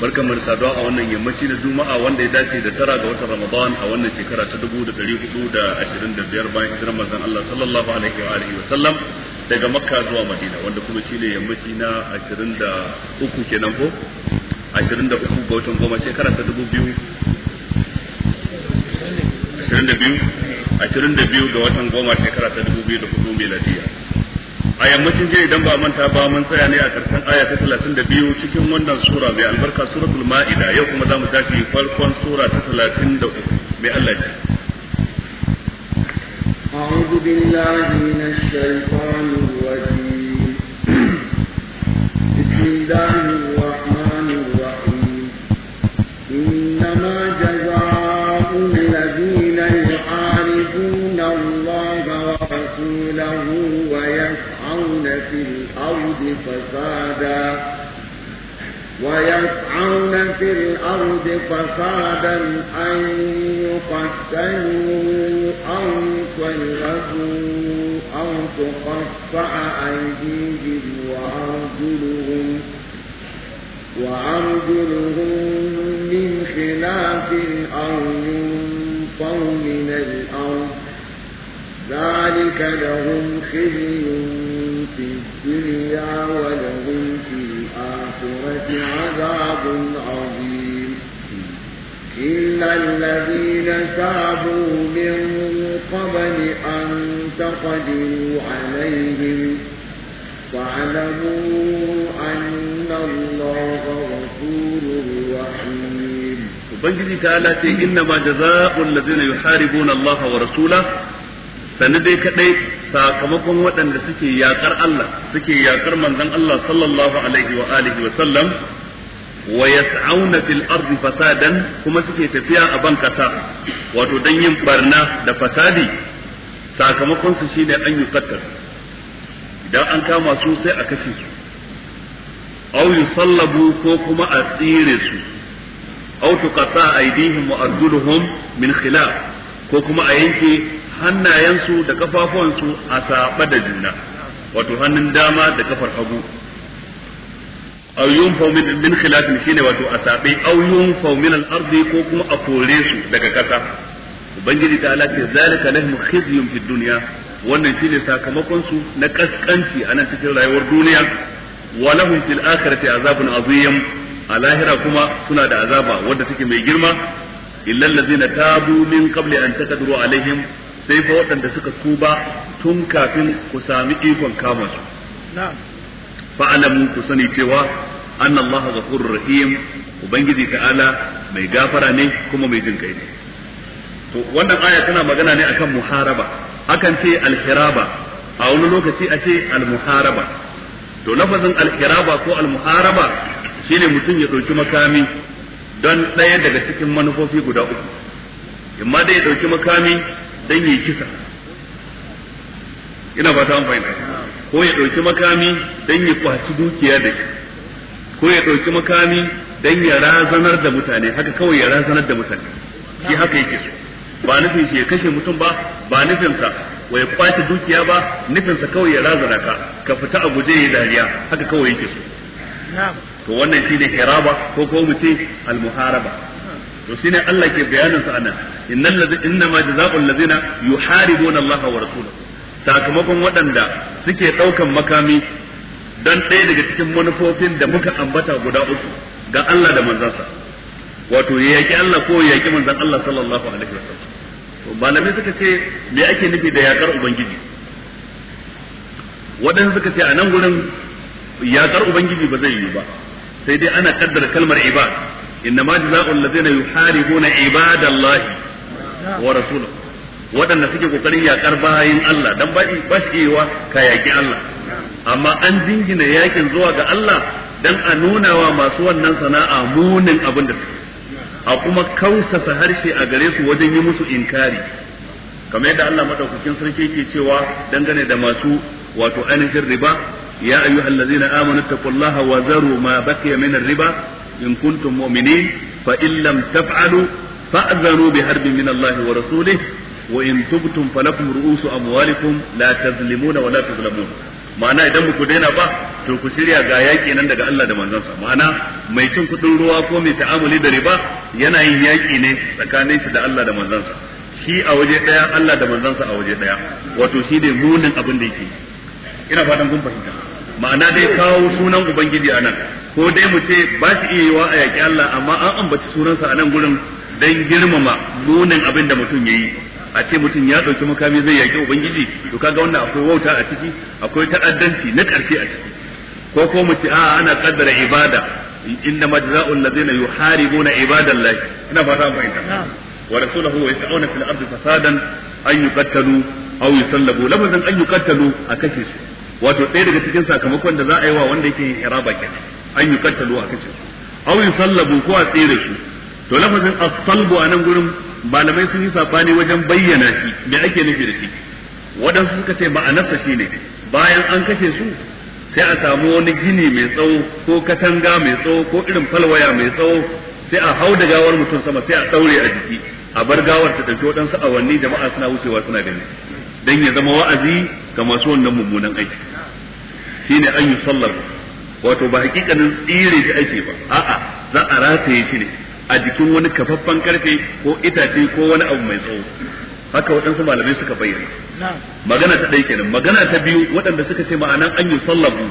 barkan mu da saduwa a wannan yammaci na juma'a wanda ya dace da tara ga watan ramadan a wannan shekara ta dubu da dari hudu da ashirin da biyar bayan hijirar manzon allah sallallahu alaihi wa alihi wa sallam daga makka zuwa madina wanda kuma shine yammaci na ashirin da uku kenan ko ashirin da uku ga watan goma shekara ta dubu biyu ashirin da biyu ashirin da biyu ga watan goma shekara ta dubu biyu da hudu miladiya a yammacin jiya idan ba manta ba mun tsaya ne a karshen aya ta biyu cikin wannan sura mai albarka suratul ma'ida yau kuma za mu tashi farkon sura ta 33 mai Allah ce أعوذ بالله من الشيطان الرجيم بسم ويسعون في الأرض فسادا أن يقتلوا أو يصلبوا أو تقطع أيديهم وأرجلهم وأرجلهم من خلاف أو ينفوا من الأرض ذلك لهم خزي في الدنيا ولهم عذاب عظيم إلا الذين تابوا من قبل أن تقدروا عليهم فاعلموا أن الله غفور رحيم وبنجد تعالى إنما جزاء الذين يحاربون الله ورسوله sannan dai kadai sakamakon waɗanda suke yakar Allah suke yakar manzon Allah sallallahu alaihi wa alihi wa sallam wa yas'auna fil ardi fasadan kuma suke tafiya a ban wato dan yin barna da fasadi sakamakon su shine an yukattar idan an kama su sai a kashe su aw yusallabu ko kuma a tsire su aw tuqata aydihim wa arjuluhum min khilaf ko kuma a yanke hannayensu da kafafuwansu a saɓa da juna wato hannun dama da kafar hagu aw yunfau min khilafin shine wato a saɓe aw yunfau min ko kuma a kore su daga kasa ubangiji ta ala zalika lahum khizyun fid dunya wannan shine sakamakon su na kaskanci a nan cikin rayuwar duniya wa lahum fil akhirati azabun azim a lahira kuma suna da azaba wadda take mai girma illa allazina tabu min qabli an taqdiru alaihim sai fa waɗanda suka tuba tun kafin ku sami ikon kama su fa alamu ku sani cewa anna Allah rahim ubangiji ta'ala mai gafara ne kuma mai jin kai to wannan aya tana magana ne akan muharaba akan ce alhiraba a wani lokaci a ce almuharaba to lafazin alhiraba ko almuharaba shine mutum ya ɗauki makami don ɗaya daga cikin manufofi guda uku imma dai ya ɗauki makami dan yi kisa ina fata an fahimta ko ya dauki makami dan ya kwaci dukiya da shi ko ya dauki makami dan ya razanar da mutane haka kawai ya razanar da mutane shi haka yake so ba nufin shi ya kashe mutum ba ba nufin sa wai kwaci dukiya ba nufin sa kawai ya razana ka ka fita a guje ya dariya haka kawai yake so to wannan shine hiraba ko ko mu ce al muharaba to shine Allah ke bayanin sa anan innal inna ma jazaa'ul ladzina yuharibuna Allah wa rasulahu sakamakon waɗanda suke ɗaukan makami dan ɗaya daga cikin manufofin da muka ambata guda uku ga Allah da manzansa wato ya yaki Allah ko ya yaki manzan Allah sallallahu alaihi wasallam to malamai suka ce me ake nufi da yakar ubangiji waɗansu suka ce a nan gurin yakar ubangiji ba zai yi ba sai dai ana kaddara kalmar ibad إنما جزاء الذين يحاربون عباد الله ورسوله waɗanda suke ƙoƙarin yaƙar bayan Allah dan ba shi yiwa ka yaƙi Allah amma an jingina yakin zuwa ga Allah dan a nuna wa masu wannan sana'a munin abin da suke a kuma kausasa harshe a gare su wajen yi musu inkari kamar yadda Allah madaukakin sarki yake cewa dangane da masu wato ainihin riba ya ayyuhallazina amanu taqullaha wa zaru ma baqiya min riba in kuntum mu'minin fa in lam taf'alu fa'zanu bi harbin min Allah wa rasulih wa in tubtum falakum ru'usu amwalikum la tazlimuna wa la tuzlamun ma'ana idan ku daina ba to ku shirya ga yaƙi nan daga Allah da manzansa ma'ana mai cin kuɗin ruwa ko mai ta'amuli da riba yana yin yaƙi ne tsakanin shi da Allah da manzansa shi a waje ɗaya Allah da manzansa a waje ɗaya wato shi ne munin abin da yake ina fatan kun fahimta ma'ana dai kawo sunan ubangiji anan ko dai mu ce ba shi iya yiwa a yaƙi Allah amma an ambaci sunansa a nan gurin don girmama nunin abin da mutum yi. a ce mutum ya ɗauki makami zai yaƙi ubangiji to kaga wannan akwai wauta a ciki akwai ta'addanci na ƙarfi a ciki ko ko mu ce a ana kaddara ibada inna majza'u ladina yuharibuna ibadallahi ina fata an fahimta wa rasuluhu wa yas'una fil ardi fasadan an yuqattalu aw yusallabu lafazan an yuqattalu a kashe su wato ɗaya daga cikin sakamakon da za a yi wa wanda yake iraba kenan an yi kattalo a kashe su yusallabu ko a tsere su to lafazin as-salbu a nan gurin malamai sun yi sabani wajen bayyana shi me ake nufi da shi wadansu suka ce ma'anarsa ne. bayan an kashe su sai a samu wani gini mai tsawo ko katanga mai tsawo ko irin falwaya mai tsawo sai a hau da gawar mutum sama sai a daure a jiki a bar gawar ta ɗauki waɗansu awanni jama'a suna wucewa suna gani dan ya zama wa'azi ga masu wannan mummunan aiki shine an yi sallar wato ba hakikanin tsire shi ake ba a'a za a rataye shi ne a jikin wani kafaffan karfe ko itace ko wani abu mai tsawo haka waɗansu malamai suka bayyana magana ta ɗaya kenan magana ta biyu waɗanda suka ce ma'anan an yi sallabu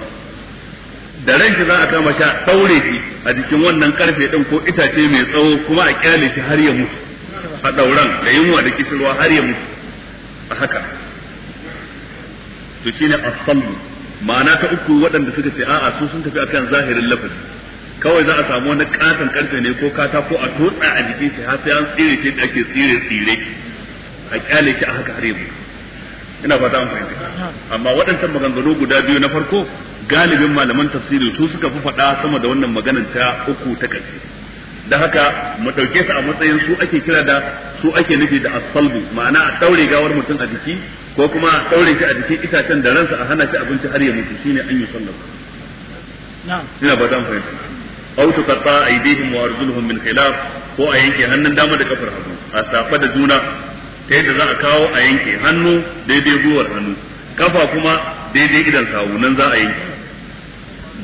da shi za a kama sha ɗaure shi a jikin wannan karfe ɗin ko itace mai tsawo kuma a kyale shi har ya mutu a ɗauran da yunwa da kishirwa har ya mutu a haka to shine a sallu ma'ana ta uku waɗanda suka ce a'a su sun tafi akan zahirin lafazi kawai za a samu wani katon karfe ne ko katako a totsa a jikin shi har sai an tsire shi da ake tsire tsire a kyale shi a haka har yanzu ina fata an fahimta amma waɗancan maganganu guda biyu na farko galibin malaman tafsiri su suka fi faɗa sama da wannan maganar ta uku ta ƙarshe da haka mu ɗauke su a matsayin su ake kira da su ake nufi da asalbu ma'ana a ɗaure gawar mutum a jiki ko kuma a ɗaure shi a jikin itacen da ransa a hana shi abinci har ya mutu shine an yi sallar ina ba zan fahimta a yi aydihim wa arjuluhum min khilaf ko a yanke hannun dama da kafar hannu a safa da juna ta yadda za a kawo a yanke hannu daidai gwiwar hannu kafa kuma daidai idan sawu nan za a yanke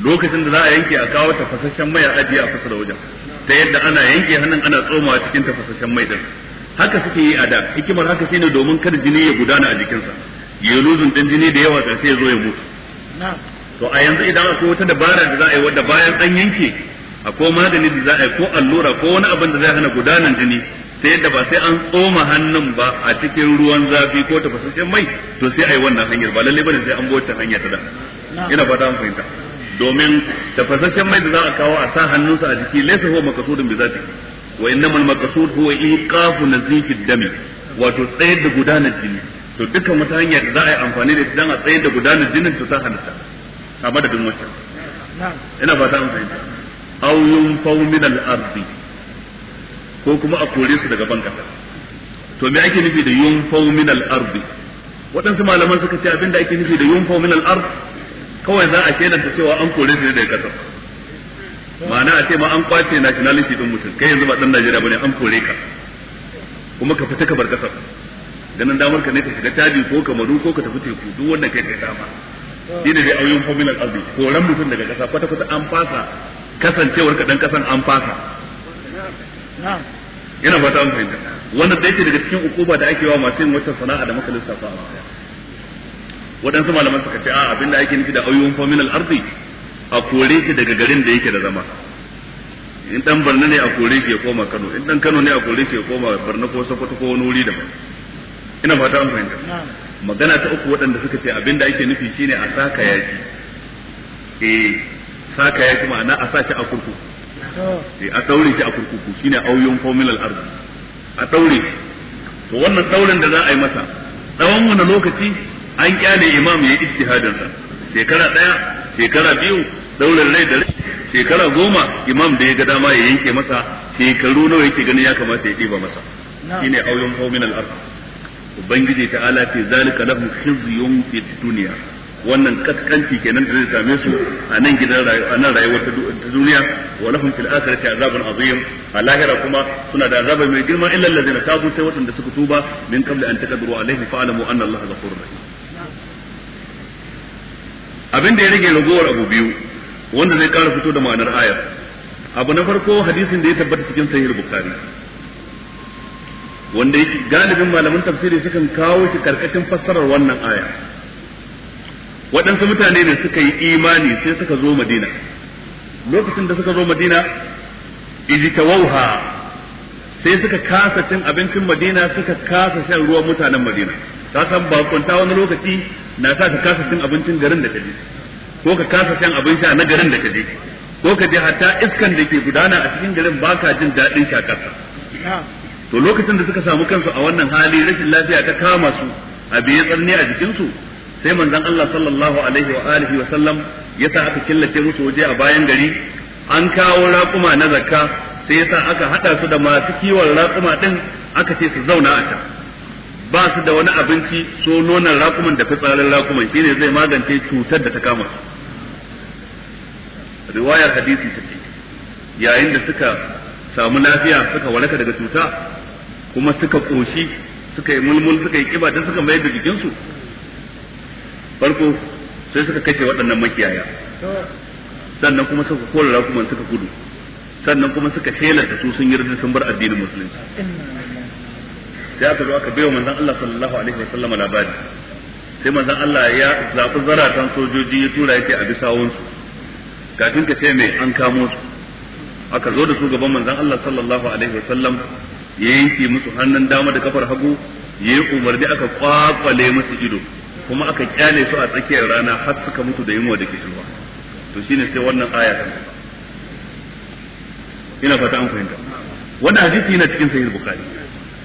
lokacin da za a yanke a kawo tafasasshen mai a ajiye a kusa da wajen ta yadda ana yanke hannun ana tsomawa cikin tafasashen mai din haka suke yi a da hikimar haka shine domin kada jini ya gudana a jikinsa ya luzun din jini da yawa sai ya zo ya mutu to a yanzu idan akwai wata dabara da za a yi wadda bayan an yanke akwai magani da za a yi ko allura ko wani abin da zai hana gudanan jini ta yadda ba sai an tsoma hannun ba a cikin ruwan zafi ko tafasashen mai to sai a yi wannan hanyar ba lallai bane sai an bauta hanya ta da ina fata an fahimta domin tafasasshen mai da za a kawo a sa hannunsa a jiki laisa huwa maqsudun bi zati wa innamal makasud huwa iqafu nazifid dami wato tsayar da gudanar jini to dukkan wata hanya da za a yi amfani da ita dan a tsayar da gudanar jinin to ta halitta a madadin wancan ina fata an fahimta aw yunfaw min al-ardi ko kuma a kore su daga ban kasa to me ake nufi da yunfaw min al-ardi waɗansu malaman suka ce abinda ake nufi da yunfaw min al-ardi kawai za a ta cewa an kore shi daga kasar ma'ana a ce ma an kwace nationality din mutum kai yanzu ba dan Najeriya bane an kore ka kuma ka fita ka bar kasar ganin damar ka ne ka shiga tabi ko kamaru ko ka tafi teku duk wanda kai kai dama shi ne dai ayyun familial arzi koren mutum daga kasa kwata kwata an fasa kasancewar ka dan kasan an fasa yana fata an fahimta wannan da yake daga cikin ukuba da ake wa masu yin wacce sana'a da maka lissafa a waɗansu malaman suka ce a abin da ake nufi da ayyuhun faminal al'arzi a kore shi daga garin da yake da zama in dan barna ne a kore shi ya koma kano in dan kano ne a kore shi ya koma barna ko sokoto ko wani wuri daban ina fata an fahimta magana ta uku waɗanda suka ce abin da ake nufi shine a saka yaki eh saka yaki ma'ana a sa shi a kurkuku eh a daure shi a kurkuku shine ayyuhun famin al'arzi a daure shi to wannan daurin da za a yi masa tsawon wani lokaci an kyale imam ya yi ijtihadin sa shekara daya shekara biyu daular rai da shekara goma imam da ya ga dama ya yanke masa shekaru nawa yake ganin ya kamata ya diba masa shine aulun qaumin al-ard ubangiji ta'ala ce zalika lahum khizyun fi dunya wannan kaskanci kenan da zai same su a nan gidan a nan rayuwar ta duniya wa lahum fil akhirati azabun azim a lahira kuma suna da azaba mai girma illa allazina tabu sai wadanda suka tuba min qabla an taqdiru alaihim fa'lamu anna allaha ghafurur rahim abin da ya rage ragowar abu biyu wanda zai kara fito da ma'anar ayar abu na farko hadisin da ya tabbata cikin sahih bukhari wanda galibin malaman tafsiri sukan kawo shi karkashin fassarar wannan aya waɗansu mutane ne suka yi imani sai suka zo madina lokacin da suka zo madina tawauha sai suka kasa cin abincin madina suka kasa shan ruwan mutanen madina ta san bakunta wani lokaci na sa ka kasa cin abincin garin da ka ko ka kasa shan abin sha na garin da ka je ko ka je hatta iskan da ke gudana a cikin garin baka jin daɗin shakar to lokacin da suka samu kansu a wannan hali rashin lafiya ta kama su a biye tsarni a jikinsu sai manzon Allah sallallahu alaihi wa alihi wa sallam ya sa aka killace musu waje a bayan gari an kawo raƙuma na zakka sai ya sa aka haɗa su da masu kiwon raƙuma ɗin aka ce su zauna a can ba su da wani abinci so nonon rakuman da fitsarin rakuman shine zai magance cutar da ta kama su riwayar hadisi ta ce yayin da suka samu lafiya suka walaka daga cuta kuma suka koshi suka yi mulmul suka yi kiba don suka mai da jikinsu farko sai suka kashe waɗannan makiyaya sannan kuma suka kora rakuman suka gudu sannan kuma suka shelar da su sun yi sun bar addinin musulunci sai aka zo aka bai wa manzon Allah sallallahu alaihi wa sallam labari sai manzon Allah ya zafi zaratan sojoji ya tura yake a bisa su kafin ka ce mai an kamo su aka zo da su gaban manzon Allah sallallahu alaihi wa sallam ya yanke musu hannun dama da kafar hagu ya yi umarni aka kwakwale musu ido kuma aka kyale su a tsakiyar rana har suka mutu da yunwa da kishirwa to shine sai wannan aya ta ina fata an fahimta wannan hadisi yana cikin sahih bukhari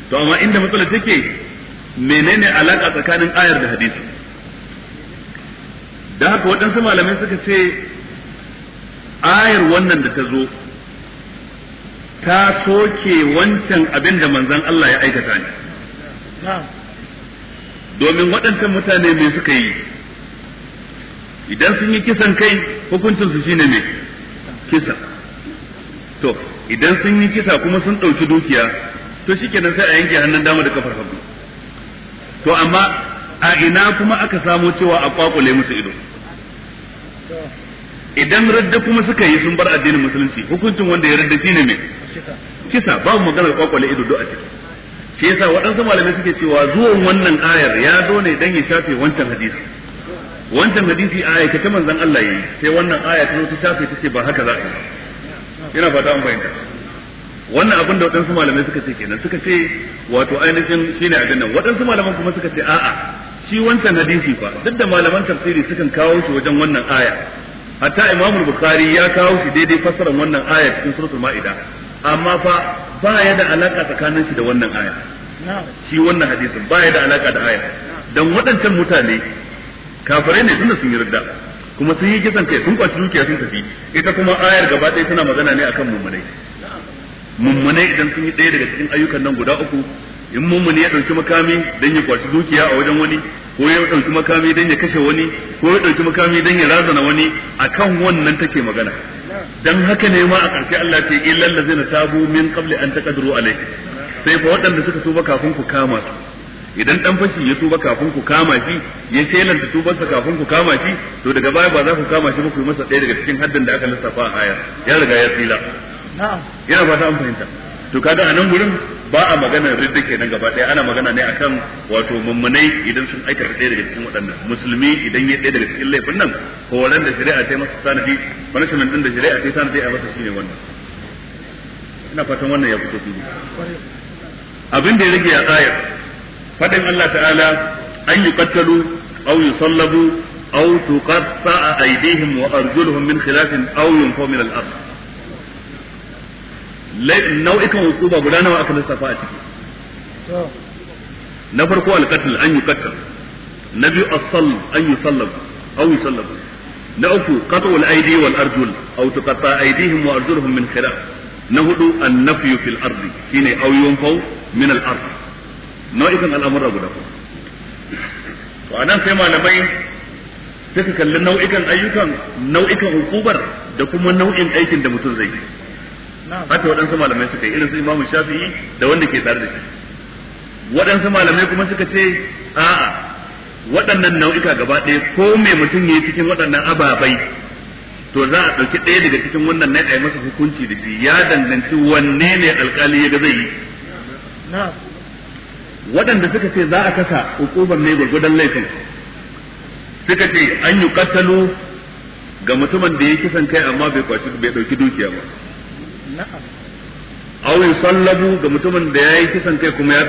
to amma inda matsala take menene alaka tsakanin ayar da hadisi da haka waɗansu malamai suka ce ayar wannan da ta zo ta soke wancan abin da manzan Allah ya aikata ne domin waɗancan mutane mai suka yi idan sun yi kisan kai hukuncinsu shine mai kisa to idan sun yi kisa kuma sun ɗauki dukiya to shikenan sai a yanke hannun dama da kafar hagu to amma a ina kuma aka samo cewa a kwakule musu ido idan radda kuma suka yi sun bar addinin musulunci hukuncin wanda ya radda ne mai kisa babu magana kwakule ido do a ciki shi yasa waɗansu malamai suke cewa zuwan wannan ayar ya zo ne dan ya shafe wancan hadisi wancan hadisi a aikace manzon Allah yayi sai wannan aya ta zo ta shafe ta ce ba haka za a yi ina fata an bayyana wannan abin da waɗansu malamai suka ce kenan suka ce wato ainihin shine abin nan waɗansu malaman kuma suka ce a'a shi wancan hadisi fa duk da malaman tafsiri sukan kawo shi wajen wannan aya hatta Imam Bukhari ya kawo shi daidai fassarar wannan aya cikin suratul Maida amma fa ba ya da alaka tsakanin shi da wannan aya shi wannan hadisin ba ya da alaka da aya dan waɗancan mutane kafirai ne tunda sun yi radda kuma sun yi kisan kai sun kwaci dukiya sun tafi ita kuma ayar gaba ɗaya tana magana ne akan mummunai mummune idan sun yi daya daga cikin ayyukan nan guda uku in mummune ya ɗauki makami dan ya kwaci dukiya a wajen wani ko ya ɗauki makami dan ya kashe wani ko ya ɗauki makami dan ya razana wani akan wannan take magana dan haka ne ma a ƙarshe Allah ta yi illal ladzina tabu min qabli an taqdiru alayhi sai fa waɗanda suka tuba kafin ku kama su idan dan fashi ya tuba kafin ku kama shi ya shelanta sa kafin ku kama shi to daga baya ba za ku kama shi ba ku yi masa ɗaya daga cikin haddin da aka lissafa a aya ya riga ya tsira yana ba ta an fahimta to kada a nan gurin ba a magana ridda kenan gaba ɗaya ana magana ne akan wato mummunai idan sun aikata ɗaya daga cikin waɗannan musulmi idan ya ɗaya daga cikin laifin nan horan da shari'a ta yi masa sanadi punishment din da shari'a ta yi sanadi a masa shine wannan ina fatan wannan ya fito fili abin da ya rage a tsayar faɗin Allah ta'ala an yi kattalu aw yusallabu aw tuqatta aydihim wa arjuluhum min khilafin aw yunfaw min al-ard nau'ikan hukuma guda nawa aka lissafa a ciki na farko alqatl an yuqattal na biyu as-salb an yusallab aw yusallab na uku qat'u al-aydi wal arjul aw tuqatta aydihim wa arjuluhum min khilaf na hudu an-nafyu fil ardi shine aw yunfau min al-ard nau'ikan al'amura guda to anan sai malamai sai ka kalli nau'ikan ayyukan nau'ikan hukubar da kuma nau'in aikin da mutum zai yi haka waɗansu malamai suka yi irin su imamu shafi'i da wanda ke tare da shi waɗansu malamai kuma suka ce a'a waɗannan nau'ika gaba ɗaya ko mai mutum ya yi cikin waɗannan ababai to za a ɗauki ɗaya daga cikin wannan na yi masa hukunci da shi ya danganci wanne ne alƙali ya ga zai yi waɗanda suka ce za a kasa hukuban ne gwargwadon laifin suka ce an yi kattalo ga mutumin da ya kisan kai amma bai kwashi bai ɗauki dukiya ba أو يصلبوا دمتم ga mutumin da yayi kisan kai kuma ya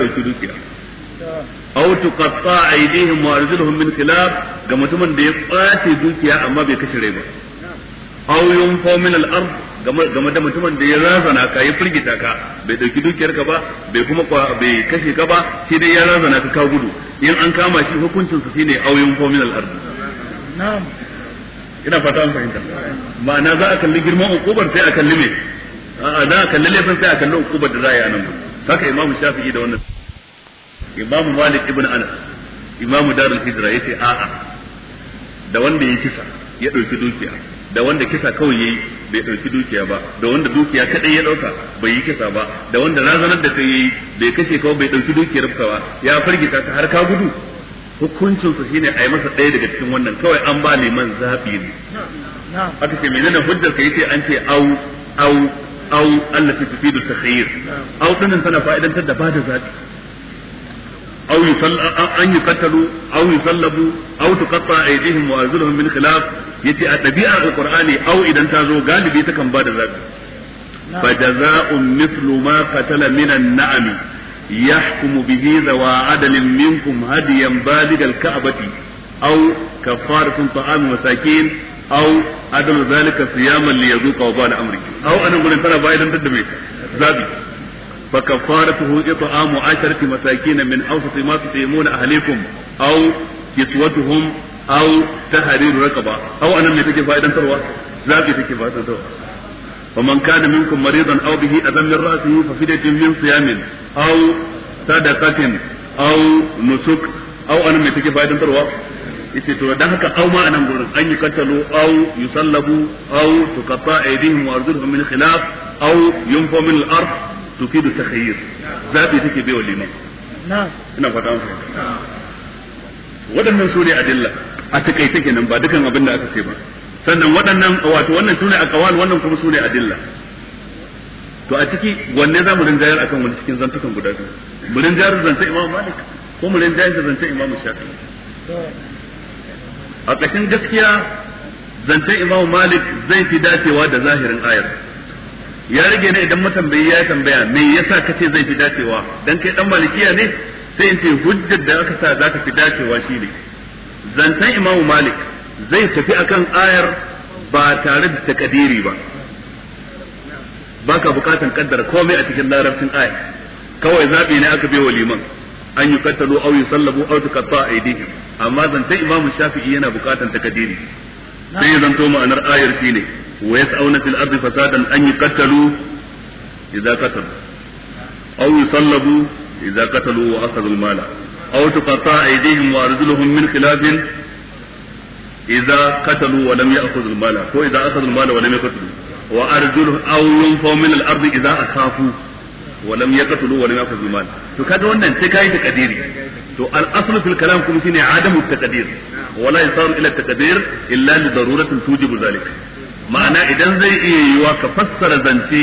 تقطع dukiya aw من خلاف دمتم arjuluhum min khilaf ga mutumin da ya kwace dukiya amma bai kashe game da mutumin da ya razana ka ya firgita ka bai dauki dukiyar ka ba bai kuma bai kashe ka ba shi dai ya razana ka ka gudu in an kama shi hukuncin su shine auyun yunfa min al-ard na'am ina fata an fahimta ma'ana za a kalli girman hukumar sai a kalli me a'a da kalli laifin sai a kalli ukubar da za a yi anan haka imamu shafi'i da wannan imamu malik ibn anas imamu darul hijra yace a'a da wanda ya kisa ya dauki dukiya da wanda kisa kawai yayi bai dauki dukiya ba da wanda dukiya kadai ya dauka bai yi kisa ba da wanda razanar da kai bai kashe kawai bai dauki dukiyar ka ba ya firgita ka har ka gudu hukuncin su shine a yi masa ɗaya daga cikin wannan kawai an ba man zabi ne aka ce menene hujjar ka yace an ce au au aw allati tufidu takhayyur aw dinnan tana fa'idantar da bada zabi aw yusall an yuqtalu aw yusallabu aw tuqatta aydihim wa arjuluhum min khilaf yace a tabi'ar alqur'ani au idan ta zo galibi ta kan bada zabi fajaza'un mithlu ma qatala minan na'ami يحكم به ذوى عدل منكم هديا بالغ الكعبة أو كفارة طعام مساكين aw adam zalika siyaman li yazuqa wa bala amri aw anan gurin tana bayan dan da me zabi fa kafaratuhu it'amu 10 masakin min awsat ma tutimuna ahlikum aw kiswatuhum aw tahriru raqaba aw anan me take ومن كان منكم مريضا او به اذى من راسه ففدية من صيام او صدقة او نسك او انا من فائدة تروى yace to dan haka au ma anan gurin an yi katalu au yusallabu au tuqatta aydihim wa arjuluhum min khilaf au yunfa min al-ard tufidu takhayyur zabi take bai walima ina fata muku waɗannan sune adilla a takaice kenan ba dukan abin da aka ce ba sannan waɗannan wato wannan sune aqwal wannan kuma sune adilla to a ciki wanne za mu rinjayar akan wani cikin zantukan guda biyu mu rinjayar zance Imam Malik ko mu rinjayar zance Imam Shafi'i a ƙashin gaskiya zancen imamu malik zai fi dacewa da zahirin ayar ya rage ne idan matambayi ya tambaya me yasa kace zai fi dacewa dan kai dan malikiya ne sai in ce hujjar da aka sa za ka fi dacewa shine zancen imamu malik zai tafi akan ayar ba tare da takadiri ba baka bukatan kaddara komai a cikin larabcin ayar kawai zaɓi ne aka bai wa liman an yi yuqattalu sallabu yusallabu aw tuqatta aydihim amma zantan imamu shafi'i yana bukatan takadiri sai zanto ma'anar ayar shine wa ya yas'auna fil ardi fasadan an yi yuqattalu idza qatalu aw sallabu idza katalu wa akhadhu al-mala aw tuqatta aydihim wa arjuluhum min khilafin idza katalu wa lam ya'khudhu mala ko idza akhadhu mala wa lam yaqtulu wa arjuluhum aw yunfaw min al-ardi idza akhafu wa lam yaqtulu wa lam yakhudhu mal to kaga wannan sai kai taqdiri to al aslu fil kalam kuma shine adamu taqdir wa la yasaru ila taqdir illa li daruratin tujibu zalik ma'ana idan zai iya yiwa ka fassara zance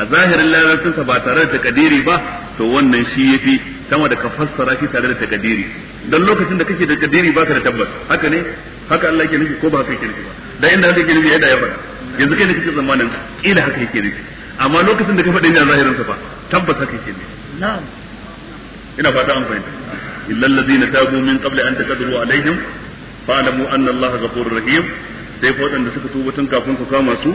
a zahirin larabcinsa ba tare da takadiri ba to wannan shi yafi sama da ka fassara shi tare da takadiri dan lokacin da kake da takadiri baka da tabbas haka ne haka Allah yake nufi ko ba haka nufi ba yanzu kai ne haka nufi amma lokacin da ka faɗi ina zahirin sa fa tabbas haka yake ne ina fata an fahimta illal ladina tabu min qabli an taqdiru alaihim fa'lamu anna allaha ghafurur rahim sai fa wanda suka tuba tun kafin ku kama su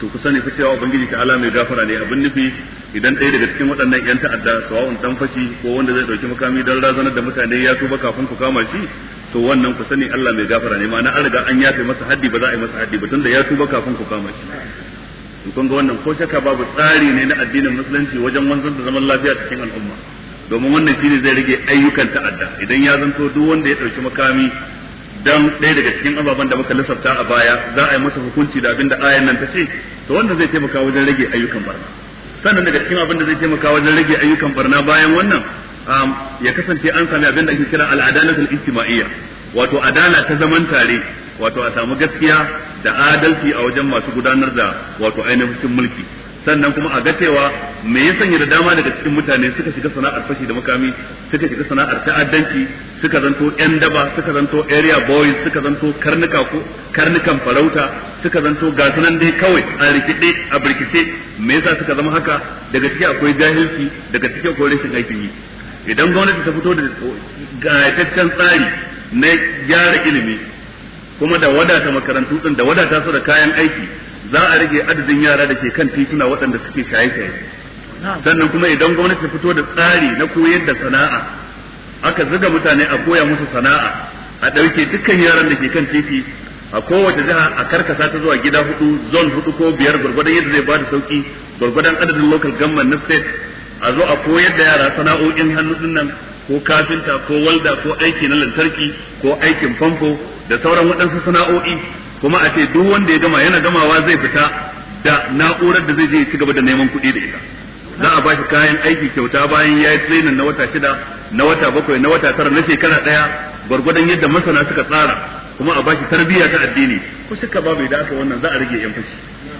to ku sani fa cewa ubangiji ala mai gafara ne abin nufi idan ɗaya daga cikin waɗannan yan ta'adda sawa'un dan fashi ko wanda zai dauki makami dan razanar da mutane ya tuba kafin ku kama shi to wannan ku sani Allah mai gafara ne ma'ana an riga an yafe masa haddi ba za a yi masa haddi ba tunda ya tuba kafin ku kama shi kun ga wannan ko shakka babu tsari ne na addinin musulunci wajen wanzar da zaman lafiya cikin al'umma domin wannan shine zai rage ayyukan ta'adda idan ya zanto duk wanda ya dauki makami dan ɗaya daga cikin ababen da muka lissafta a baya za a yi masa hukunci da abin da ayan nan ta ce to wannan zai taimaka wajen rage ayyukan barna sannan daga cikin abin da zai taimaka wajen rage ayyukan barna bayan wannan um, ya kasance an sami abin da ake kira al'adalatul ijtima'iyya wato adala ta zaman tare wato a samu gaskiya da adalci a wajen masu gudanar da wato ainihin mulki sannan kuma a ga cewa me ya sanya da dama daga cikin mutane suka shiga sana'ar fashi da mukami suka shiga sana'ar ta'addanci suka zanto yan daba suka zanto area boys suka zanto karnuka ko karnukan farauta suka zanto gasu nan dai kawai a rikide a birkice me yasa suka zama haka daga ciki akwai jahilci daga cikin akwai rashin aikin yi idan gwamnati ta fito da gayataccen tsari na gyara ilimi kuma da wadata makarantu din da wadata su da kayan aiki za a rage adadin yara da ke kan tituna waɗanda suke shaye-shaye sannan kuma idan gwamnati fito da tsari na koyar da sana'a aka zuga mutane a koya musu sana'a a ɗauke dukkan yaran da ke kan titi a kowace jiha a karkasa ta zuwa gida hudu zon hudu ko biyar gwargwadon yadda zai bada sauki gwargwadon adadin local government na state a zo a koyar da yara sana'o'in hannu din nan ko kafinta ko walda ko aiki na lantarki ko aikin famfo da sauran waɗansu sana'o'i kuma a ce duk wanda ya gama yana gamawa zai fita da na'urar da zai je ci gaba da neman kuɗi da ita za a ba kayan aiki kyauta bayan ya yi tsinin na wata shida na wata bakwai na wata tara na shekara ɗaya gwargwadon yadda masana suka tsara kuma a ba tarbiyya ta addini ko shakka babu da aka wannan za a rage yan fashi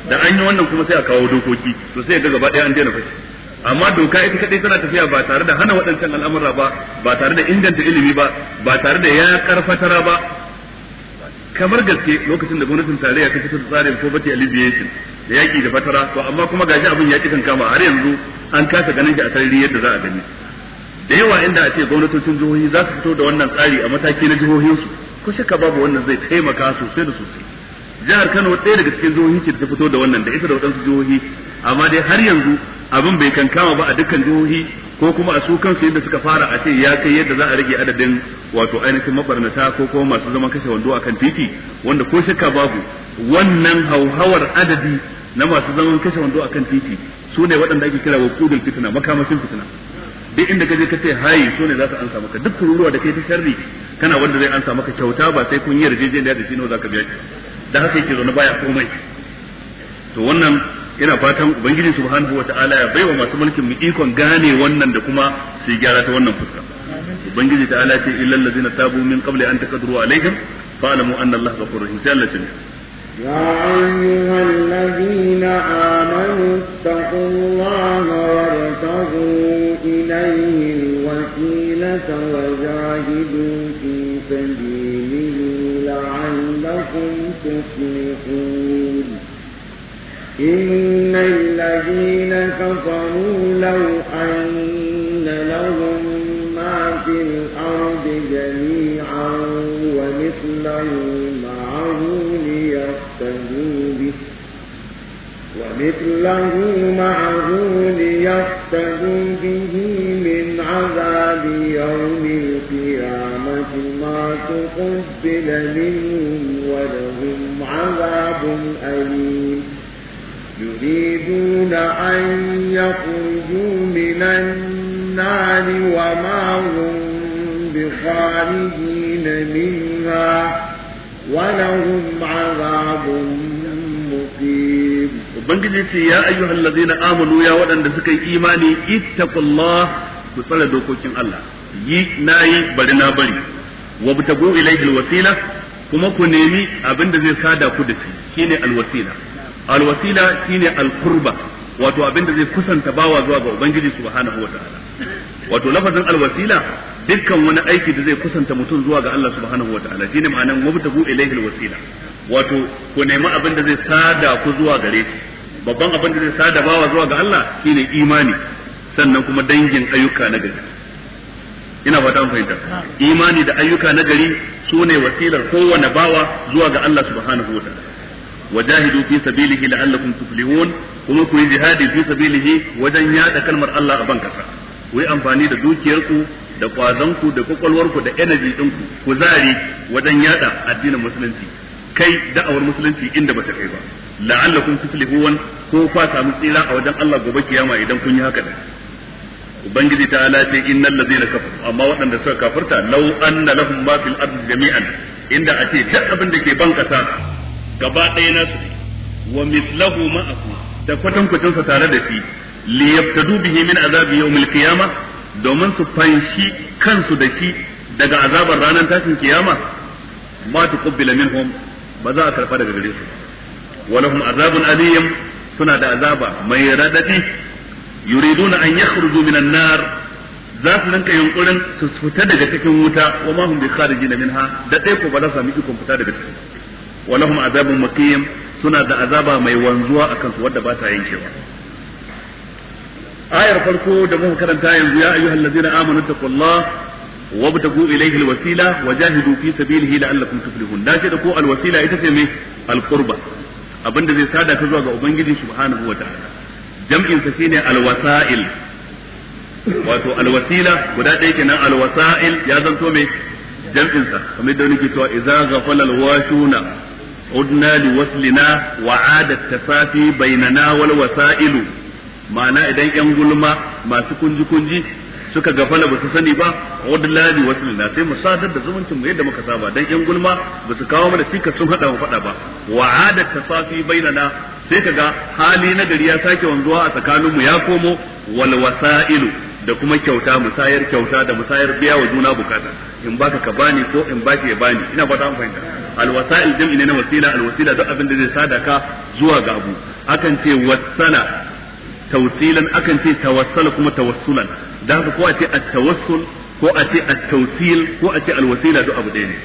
da an yi wannan kuma sai a kawo dokoki to sai ga gaba ɗaya an daina fashi amma doka ita kadai tana tafiya ba tare da hana waɗancan al'amura ba ba tare da inganta ilimi ba ba tare da ya karfatara ba kamar gaske lokacin da gwamnatin tarayya ta fito da tsarin poverty alleviation da yaki da fatara to amma kuma gashi abin ya kan kama har yanzu an kasa ganin shi a sarari yadda za a gani da yawa inda a ce gwamnatocin jihohi za su fito da wannan tsari a mataki na jihohinsu ko shaka babu wannan zai taimaka sosai da sosai jihar Kano ɗaya daga cikin jihohi ce ta fito da wannan da ita da waɗansu jihohi amma dai har yanzu abin bai kankama ba a dukkan jihohi ko kuma a su kansu yadda suka fara a ce ya kai yadda za a rage adadin wato ainihin mabarnata ko kuma masu zaman kashe wando akan titi wanda ko shakka babu wannan hauhawar adadi na masu zaman kashe wando akan titi su ne waɗanda ake kira wa fitina makamashin fitina duk inda ka je ka ce hayi su ne za su ansa maka duk kururuwa da kai ta sharri kana wanda zai ansa maka kyauta ba sai kun yi yarjejeniya da shi ne za ka biya shi da haka yake zaune baya komai to wannan ina fatan ubangiji subhanahu wata'ala ya baiwa masu mulkin mu ikon gane wannan da kuma su gyara ta wannan fuska ubangiji ta'ala ce illal ladzina tabu min qabli an taqdiru alaihim fa'lamu anna allaha ghafurur rahim sai Allah ya يا أيها الذين آمنوا اتقوا الله وارتقوا إليه الوسيلة وجاهدوا في سبيله لعلكم تفلحون إن الذين كفروا لو أن لهم ما في الأرض جميعا ومثله معه ليفتدوا به ومثله معه ليفتدوا به من عذاب يوم القيامة ما تقبل منهم ولهم عذاب أليم يريدون أن يخرجوا من النار وما هم بخارجين منها ولهم عذاب مقيم وبنجي يا أيها الذين آمنوا يا ودن دسكي إيماني اتقوا الله بصلاة دوكوكين الله yi na yi bari na bari wa butagu ilaihi alwasila kuma ku nemi abin da zai sada ku da shi shine alwasila alwasila shine alqurba wato abinda zai kusanta bawa zuwa ga ubangiji subhanahu wataala wato lafazin alwasila dukkan wani aiki da zai kusanta mutum zuwa ga Allah subhanahu wataala shine ma'anan mubtagu ilayhi alwasila wato ku nemi abin da zai sada ku zuwa gare shi babban abin da zai sada bawa zuwa ga Allah shine imani sannan kuma dangin ayyuka na gari ina fata mun fahimta imani da ayyuka na gari sune wasilar kowane bawa zuwa ga Allah subhanahu wataala wajahidu fi sabilihi la'allakum tuflihun kuma ku jihadi fi sabilihi wajen yada kalmar Allah a ban kasa ku amfani da dukiyarku da kwazanku da kwakwalwarku da energy ɗinku ku zari wajen yada addinin musulunci kai da'awar musulunci inda bata kai ba la'allakum tuflihun ko fa samu tsira a wajen Allah gobe kiyama idan kun yi haka da ubangiji ta ala ce zai na kafa. amma waɗanda suka kafarta law anna lahum ma fil ardi jami'an inda a ce duk abin da ke ban kasa gaba ɗaya nasu wa mithlahu ma'ahu da kwatan kwatan sa tare da shi li yaftadu bihi min azabi yawmil qiyamah domin su fanshi kansu da shi daga azabar ranar tashin kiyama ma tuqbila minhum ba za a karba daga gare su walahum azabun aliyam suna da azaba mai radadi yuriduna an yakhruju minan nar za su rinka yunkurin su fita daga cikin wuta wa ma hum bi kharijina minha da dai ko ba za su sami ikon fita daga cikin wa lahum azabun suna da azaba mai wanzuwa akan su wadda bata ta yankewa ayar farko da muka karanta yanzu ya ayyuhal ladzina amanu taqullaha wabtagu ilayhi alwasila wajahidu fi sabilihi la'allakum tuflihun da ko alwasila ita ce me alqurba abinda zai sada ka zuwa ga ubangiji subhanahu wa ta'ala jam'in shine alwasail wato alwasila guda ɗaya kenan alwasail ya zanto me jam'in sa kamar da nake izaga idza ghafala udna li waslina wa adat tasafi bainana wal wasailu ma'ana idan yan gulma masu kunji kunji suka gafala ba su sani ba udna li waslina sai mu sadar da zumuncin mu yadda muka saba dan yan gulma ba su kawo mana cikas sun hada mu faɗa ba wa adat bainana sai kaga hali na gari ya sake wanzuwa a tsakaninmu ya komo walwasa wasailu da kuma kyauta musayar kyauta da musayar biya wa juna bukata in baka ka bani ko in baki ya bani ina fata an fahimta alwasail jam'i ne na wasila alwasila duk abin da zai sada ka zuwa ga abu akan ce wasala tawsilan akan ce tawassala kuma tawassulan da haka ko a ce at-tawassul ko a ce at-tawsil ko a ce alwasila duk abu ɗaya ne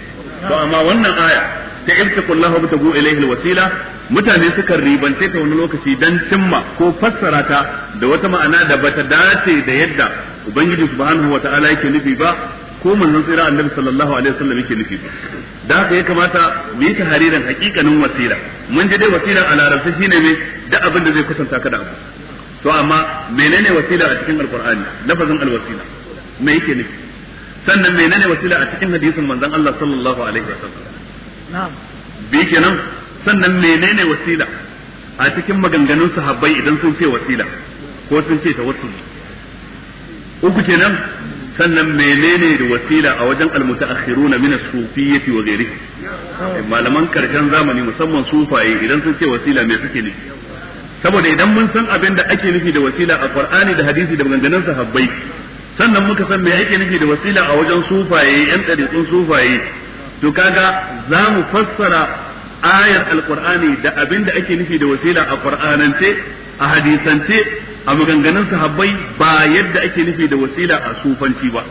to amma wannan aya ta ibtaqullaha wa tabu ilayhi alwasila mutane sukan ribance ta wani lokaci dan cimma ko fassara ta da wata ma'ana da bata dace da yadda ubangiji subhanahu wa ta'ala yake nufi ba ko manzon tsira annabi sallallahu alaihi wasallam yake nufi ba da haka ya kamata mu yi tahariran hakikanin wasila mun ji dai wasila a larabci shine me da abin da zai kusanta ka da abu to amma menene wasila a cikin alqur'ani lafazin alwasila me yake nufi sannan menene wasila a cikin hadisin manzon Allah sallallahu alaihi wasallam bi kenan sannan menene wasila a cikin maganganun sahabbai idan sun ce wasila ko sun ce tawassul uku kenan sannan menene da wasila a wajen almutaakhiruna min as-sufiyyati wa ghairihi malaman karshen zamani musamman sufaye idan sun ce wasila me suke ne saboda idan mun san abin da ake nufi da wasila a qur'ani da hadisi da maganganun sahabbai sannan muka san me ake nufi da wasila a wajen sufaye yan ɗariƙun sufaye to kaga za mu fassara ayar alqur'ani da abin da ake nufi da wasila a qur'anance a hadisance a maganganun sahabbai ba yadda ake nufi da wasila a sufanci ba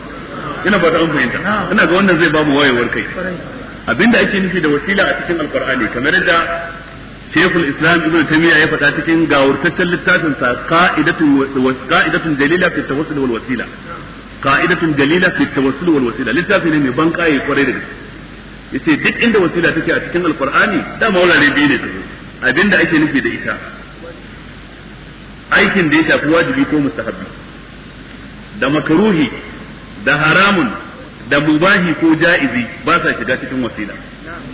ina ba ta an fahimta ina ga wannan zai ba mu wayewar kai abinda ake nufi da wasila a cikin alqur'ani kamar yadda Sheikhul Islam Ibn Taymiyyah ya faɗa cikin gawurtaccen littafin sa qa'idatun qa'idatun dalila fi tawassul wal wasila qa'idatun dalila fi tawassul wal wasila Littafin ne mai ban kai kwarai da gaske yace duk inda wasila take a cikin alqur'ani da maulare biyu ne tazo abinda ake nufi da ita aikin da ya shafi wajibi ko mustahabbi da makaruhi da haramun da mubahi ko ja'izi ba sa shiga cikin wasila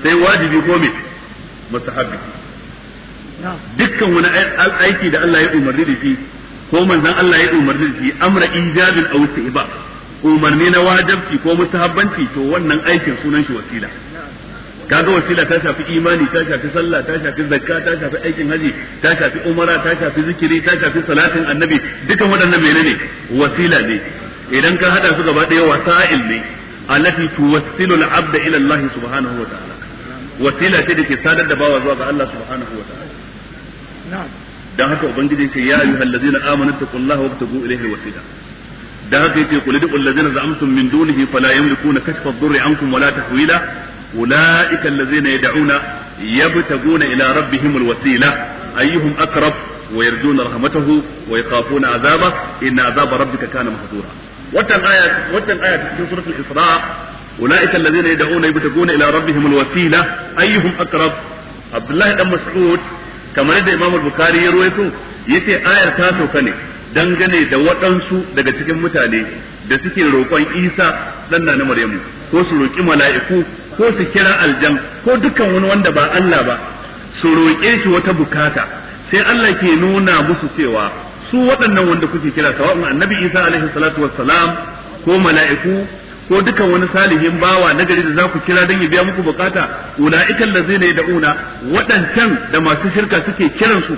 sai wajibi ko me mustahabbi dukkan wani aiki da Allah ya umarni da shi ko manzon Allah ya umarni da shi amra ijabin aw istihbab umarni na wajabci ko mustahabbanci to wannan aikin sunan shi wasila kaga wasila ta shafi imani ta shafi sallah ta shafi zakka ta shafi aikin haji ta shafi umara ta shafi zikiri ta shafi salatin annabi dukan waɗannan menene wasila ne idan ka hada su gaba ɗaya wasa'il ne allati tuwassilu al-abda ila Allah subhanahu wa ta'ala wasila ce da ke sadar da bawa zuwa ga Allah subhanahu wa ta'ala na'am dan haka ubangiji ce ya ayyuhallazina amanu taqullaha wa tabu ilayhi wasila da haka yace qul da ladzina za'amtum min dunihi fala yamlikuna kashfa ad-durri ankum wala tahwila ulaika allazina yad'una yabtaguna ila rabbihim al ayyuhum aqrab wa yarjuna rahmatahu wa yakhafuna 'adhaba inna 'adhaba rabbika kana mahdura wannan aya wannan aya cikin suratul isra ulaika allazina yad'una yabtaguna ila rabbihim al-wasila ayyuhum aqrab abdullahi dan mas'ud kamar da imam al-bukhari ya ruwaito yace ayar ta sauka ne dangane da waɗansu daga cikin mutane da suke roƙon Isa ɗan na Maryamu ko su roƙi mala'iku ko su kira aljan ko dukkan wani wanda ba Allah ba su roƙe shi wata bukata sai Allah ke nuna musu cewa su waɗannan wanda kuke kira sawa'un annabi Isa alaihi salatu wassalam ko mala'iku ko dukan wani salihin bawa na gari da za ku kira don ya biya muku bukata ula'ikan da una waɗancan da masu shirka suke kiransu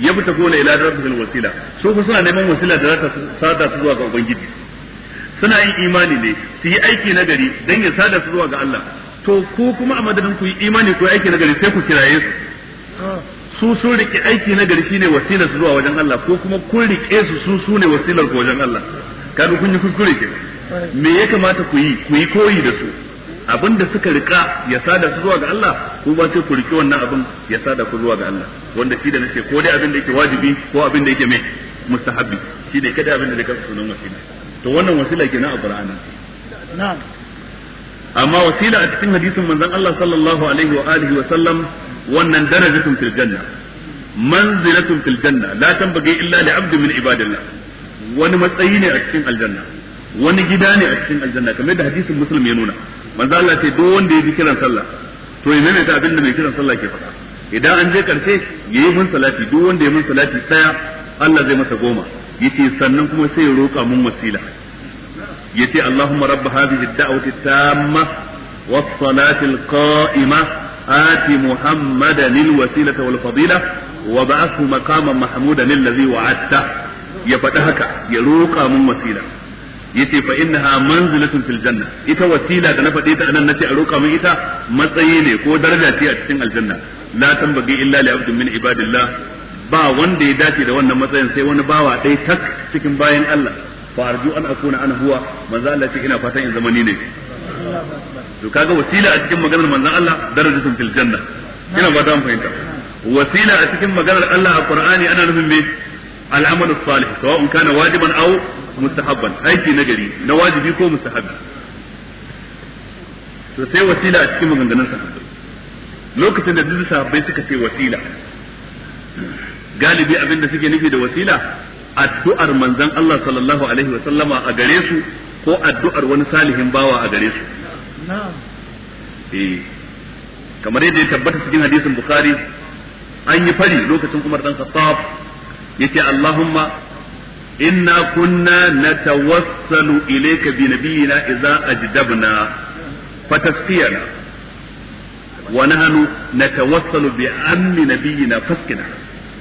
yabtaguna ila rabbihil wasila su fa suna neman wasila da za ta sada su zuwa ga ubangiji suna yin imani ne su yi aiki na gari dan ya sada su zuwa ga Allah to ko kuma a madadin ku yi imani ko aiki na gari sai ku kiraye su su sun rike aiki na gari shine wasilar su zuwa wajen Allah ko kuma kun rike su su su ne wasilar ku wajen Allah kada kun yi kuskure ke me ya kamata ku yi ku yi koyi da su abin da suka rika ya sada su zuwa ga Allah ko ba sai ku riki wannan abin ya sada ku zuwa ga Allah wanda shi da nake ko dai abin da yake wajibi ko abin da yake mai mustahabbi shi ne kada abin da zai kafa sunan wasila to wannan wasila kenan a Qur'ani na'am amma wasila a cikin hadisin manzon Allah sallallahu alaihi wa alihi wa sallam wannan darajatun fil janna manzilatun fil janna la tanbaghi illa li 'abdin min ibadillah wani matsayi ne a cikin aljanna wani gida ne a cikin aljanna kamar da hadisin muslim ya nuna manzo Allah ce duk wanda ya ji kiran sallah to ya maimaita abin da mai kiran sallah ke faɗa idan an je karshe ya yi mun salati duk wanda ya mun salati saya Allah zai masa goma yace sannan kuma sai ya roƙa mun wasila yace Allahumma rabb hadhihi ad-da'wati tamma was-salati al-qa'ima آت محمدا الوسيلة والفضيلة وبعثه مقاما محمودا الذي وعدته يفتحك يروقى من وسيله yace fa innaha manzilatun fil janna ita wasila da na faɗe ta nan nace a roƙa min ita matsayi ne ko daraja ce a cikin aljanna la tambagi illa li abdin min ibadillah ba wanda ya dace da wannan matsayin sai wani bawa ɗaya tak cikin bayan Allah fa arju an akuna ana huwa manzo Allah ce ina fatan in zamani ne to kaga wasila a cikin maganar manzon Allah darajatun fil janna ina fata mun fahimta wasila a cikin maganar Allah a Qur'ani ana nufin me al'amalu salih in kana wajiban aw mustahabban aiki nagari na wajibi ko mustahabbi to sai wasila a cikin maganganun sahabbai lokacin da duk sahabbai suka ce wasila galibi abinda suke nufi da wasila addu'ar manzon Allah sallallahu alaihi wa sallama a gare su ko addu'ar wani salihin bawa a gare su eh, kamar yadda ya tabbata cikin hadisin bukhari an yi fari lokacin Umar dan Khattab yace Allahumma inna kunna natawassalu ilayka bi nabiyyina idza ajdabna fatasqiyana wa nahnu natawassalu bi ammi nabiyyina faskina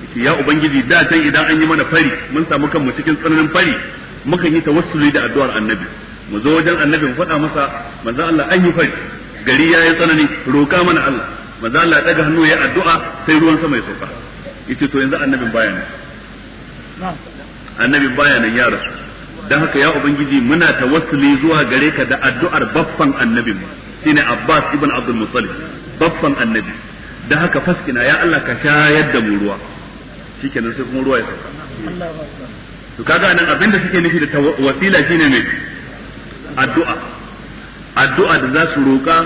yace ya ubangiji da can idan an yi mana fari mun samu kanmu cikin tsananin fari mukan yi tawassuli da addu'ar annabi mu zo wajen annabi mu faɗa masa manzo Allah an yi fari gari yayi tsanani roka mana Allah manzo Allah ya daga hannu ya addu'a sai ruwan sama ya sauka yace to yanzu annabin baya ne annabi baya nan ya rasu dan haka ya ubangiji muna tawassuli zuwa gare ka da addu'ar baffan annabin mu shine Abbas ibn Abdul Muttalib baffan annabi dan haka faskina ya Allah ka shayar da mu ruwa shikenan sai kuma ruwa ya sauka to kaga nan abinda suke nufi da wasila shine ne. addu'a addu'a da za su roƙa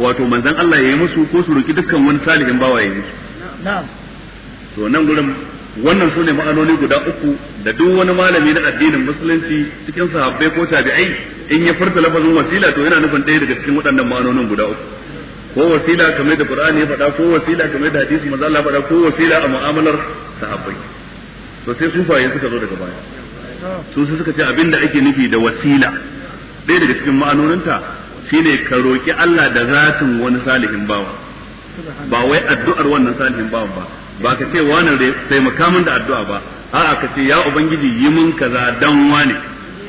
wato manzon Allah ya yi musu ko su roki dukkan wani salihin bawa ya yi musu to nan gurin wannan su ne ma'anoni guda uku da duk wani malami na addinin musulunci cikin sahabbai ko tabi'ai in ya furta lafazin wasila to yana nufin ɗaya daga cikin waɗannan ma'anonin guda uku ko wasila kamar da Qur'ani ya faɗa ko wasila kamar da hadisi manzo Allah faɗa ko wasila a mu'amalar sahabbai to sai sufaye suka zo daga baya su suka ce abinda ake nufi da wasila ɗaya daga cikin ma'anoninta shine ka roki Allah da zatin wani salihin bawa ba wai addu'ar wannan salihin bawan ba ba ka ce wani taimaka min da addu'a ba a'a ka ce ya ubangiji yi mun kaza dan wani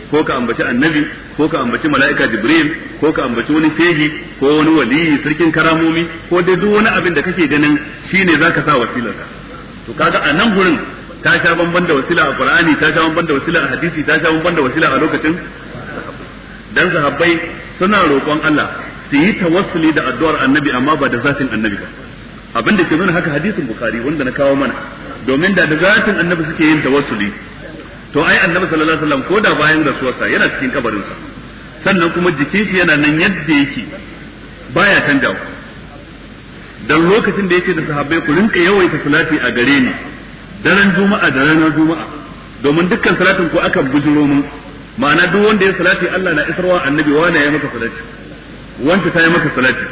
ko ka ambaci annabi ko ka ambaci mala'ika jibril ko ka ambaci wani feji ko wani waliyi sarkin karamomi ko dai duk wani abin da kake ganin shine zaka sa wasilarka to kaga a nan gurin ta sha bamban da wasila a qur'ani ta sha bamban da wasila a hadisi ta sha bamban da wasila a lokacin dan sahabbai suna roƙon Allah su yi tawassuli da addu'ar annabi amma ba da zatin annabi ba abin da ke nuna haka hadisin bukhari wanda na kawo mana domin da da annabi suke yin tawassuli to ai annabi sallallahu alaihi wasallam ko da bayan rasuwarsa yana cikin kabarin sa sannan kuma jikin shi yana nan yadda yake baya canjawa dan lokacin da yake da sahabbai ku rinka yawaita salati a gare ni daren juma'a da ranar juma'a domin dukkan salatin ku akan bujiro mun ma'ana duk wanda ya salati Allah na isarwa annabi wa na ya maka salati wanda ta yi maka salati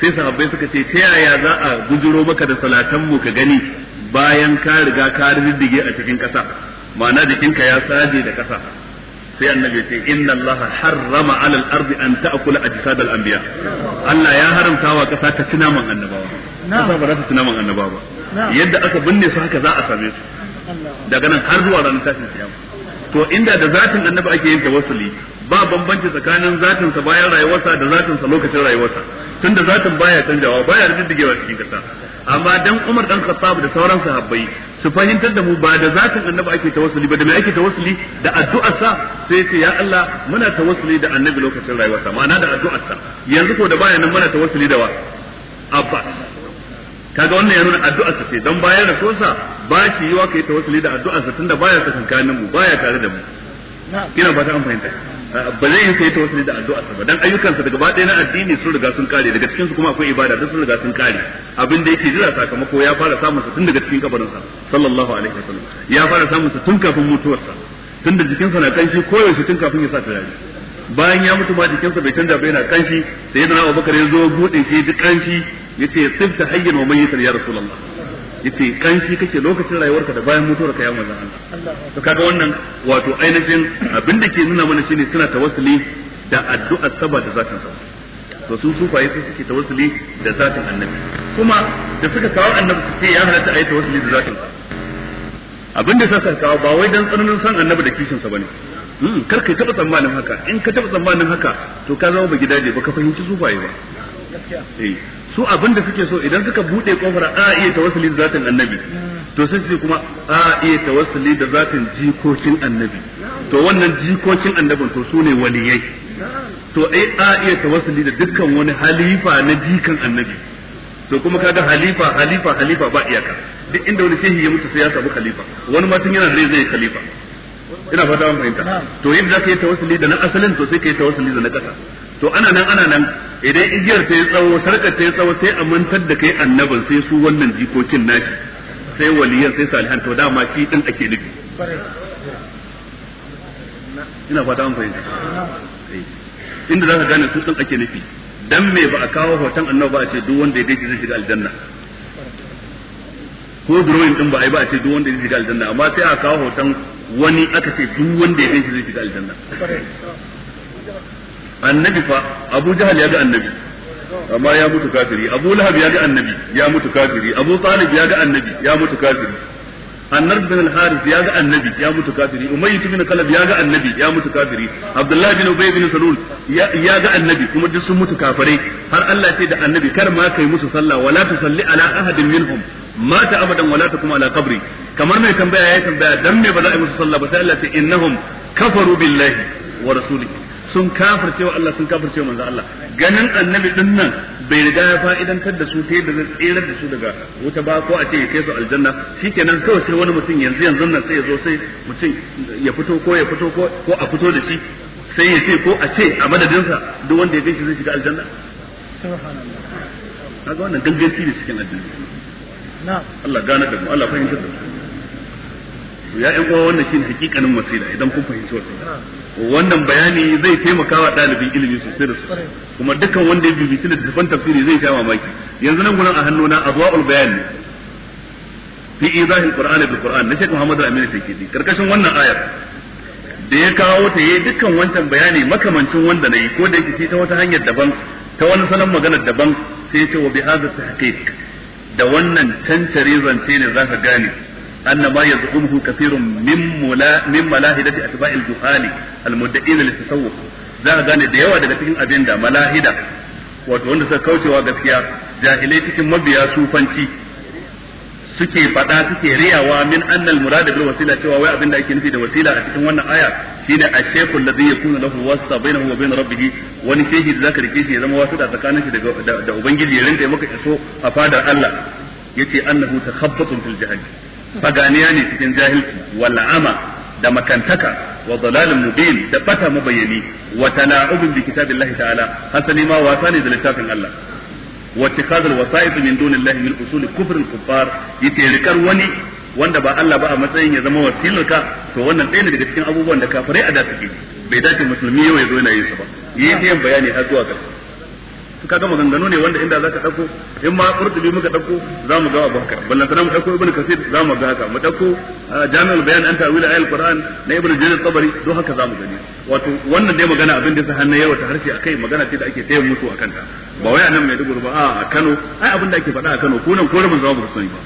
sai sahabbai suka ce ta yaya za a gujiro maka da salatan mu ka gani bayan ka riga ka riddige a cikin ƙasa ma'ana jikinka ya saje da ƙasa sai annabi ce inna allaha harrama alal ardi an ta'kula ajsad al anbiya Allah ya haramta wa ƙasa ta ci man annabawa Kasa ba za ta ci man annabawa ba yadda aka binne su haka za a same su daga nan har zuwa ranar tashin kiyama to inda da zatin annabi ake yin tawassuli ba bambanci tsakanin zatin sa bayan rayuwarsa da zatin sa lokacin rayuwarsa tunda zatin baya canjawa baya da wa cikin kasa amma dan Umar dan Khattab da sauran sahabbai su fahimtar da mu ba da zatin annabi ake tawassuli ba da me ake tawassuli da addu'arsa sai ce ya Allah muna tawassuli da annabi lokacin rayuwarsa ma'ana da addu'arsa yanzu ko da baya nan muna tawassuli da wa abba kaga wannan ya nuna addu'arsa ce dan bayan rasuwarsa ba shi yiwa kai tawassuli da addu'arsa tunda baya tsakankanin mu baya tare da mu ina ba ta an fahimta ba zai yi kai wasu da addu'a ba dan ayyukansa daga gaba na addini sun riga sun kare daga cikin su kuma akwai ibada duk sun riga sun kare abin da yake jira sakamako ya fara samun sa tun daga cikin kabarin sa sallallahu alaihi wasallam ya fara samun sa tun kafin mutuwar sa tun da jikin sa na kanshi koyaushe tun kafin ya sa turare bayan ya mutu ma jikinsa bai canja ba yana kanshi sai yana Abubakar ya zo bude shi duk kanshi yace sifta hayyan wa mayyitan ya rasulullah yace kanshi kake lokacin rayuwarka da bayan mutuwar ka ya maza Allah to kaga wannan wato ainihin abin da ke nuna mana shine suna tawassuli da addu'ar saba da zatin sa to sun fa yace suke tawassuli da zatin annabi kuma da suka kawo annabi su ce ya halatta ayi tawassuli da zatin abin da suka kawo ba wai dan tsananin san annabi da kishin sa bane hmm, kar kai taba tsammanin haka in ka taba tsammanin haka to ka zama ba gidaje ba ka fahimci sufaye ba gaskiya eh su abin da suke so idan suka bude kofar a iya tawassuli da zatin annabi to sai su kuma a iya tawassuli da zatin jikokin annabi to wannan jikokin annabin to sune waliyai to ai a iya tawassuli da dukkan wani halifa na jikan annabi to kuma kaga halifa halifa halifa ba iyaka duk inda wani shehi ya mutu sai ya samu khalifa wani ma tun yana da zai khalifa ina fata an fahimta to yadda zaka yi tawassuli da na asalin to sai ka yi tawassuli da na kasa to ana nan ana nan idan igiyar ta yi tsawo sarkar ta yi tsawo sai a mantar da kai annabin sai su wannan jikokin nashi sai waliyan sai salihan to dama shi din ake nufi ina fata an fahimta eh. inda za ka gane su din ake nufi dan me ba a kawo hoton annabi ba a ce duk wanda ya dace zai shiga aljanna ko drawing din ba a yi ba a ce duk wanda ya shiga aljanna amma sai a kawo hoton wani aka ce duk wanda ya dace zai shiga aljanna annabi fa abu jahal ya ga annabi amma ya mutu kafiri abu lahab ya ga annabi ya mutu kafiri abu talib ya ga annabi ya mutu kafiri annar bin al-haris ya ga annabi ya mutu kafiri umayyi bin kalab ya ga annabi ya mutu kafiri abdullahi bin ubay bin salul ya ga annabi kuma duk sun mutu kafare. har Allah ce da annabi kar ma kai musu sallah wala tusalli ala ahadin minhum mata abadan wala takum ala qabri kamar mai tambaya ya tambaya dan me ba za a yi musu sallah ba sai Allah ce innahum kafaru billahi wa rasulihi sun kafirce wa Allah sun kafirce manzo Allah ganin annabi din nan bai riga ya fa'idantar da su sai da tsirar tsere da su daga wuta ba ko a ce ya kai su aljanna shikenan kawai sai wani mutum yanzu yanzu nan sai ya zo sai mutum ya fito ko ya fito ko a fito da shi sai ya ce ko a ce a sa duk wanda ya gaishe zai shiga aljanna kaga wannan danganci ne cikin addini na'am Allah gane da mu Allah fahimtar da mu ya ƴan uwa wannan shine hakikanin masira idan kun fahimci wannan wannan bayani zai taimaka wa ɗalibin ilimi sosai da sosai kuma dukkan wanda ya bibici littattafan tafsiri zai sha mamaki yanzu nan gurin a hannuna adwa'ul bayan ne fi izahil qur'ani bil qur'an na Sheikh Muhammad Amin Shakidi karkashin wannan ayar da ya kawo ta yayi dukkan wancan bayani makamancin wanda na yi ko da yake ta wata hanyar daban ta wani salon maganar daban sai ya ce wa bi hadha tahqiq da wannan tantare zance ne zaka gane أن ما يزعمه كثير من ملا من ملاهدة أتباع الجهال المدعين للتسوق za a gane da yawa daga cikin abin da malahida wato wanda suka kaucewa gaskiya jahilai cikin mabiya sufanci suke fada suke riyawa min annal murada bil wasila cewa wai abinda ake nufi da wasila a cikin wannan aya shine a ashaykhul ladhi yakunu lahu wasa bainahu wa bain rabbih wani shehi da zaka rike shi ya zama wasu da tsakanin shi da ubangiji ya rinka maka iso a fadar Allah yace annahu takhabbatun fil jahannam faganiya ne cikin jahilci wal ama da makantaka wa dalalun mubin da fata mabayani wa tala'ubun bi kitabillahi ta'ala hasali ma wasa ne da littafin Allah wa tikadul wasa'id min dunillahi min usul kufr al kuffar yake rikar wani wanda ba Allah ba a matsayin ya zama wasilarka to wannan ɗaya ne daga cikin abubuwan da kafirai a da suke bai dace musulmi yau ya zo yana yin sa ba yi yin bayani har zuwa ƙarshe su ga maganganu ne wanda inda za ka dauko in ma qurtubi muka dauko za mu ga abu haka ballan na mu dauko ibnu kasir za mu ga haka mu dauko uh, jami'ul bayan an ta'wil ayal qur'an na ibnu jarir tabari don haka za mu gani wato wannan dai magana abin da sahanna yawa ta harshe akai magana ce da ake taya mutu akan ta ba wai anan mai dubur ba a Kano ai abin da ake faɗa a Kano ko nan ko rabin za mu sani ba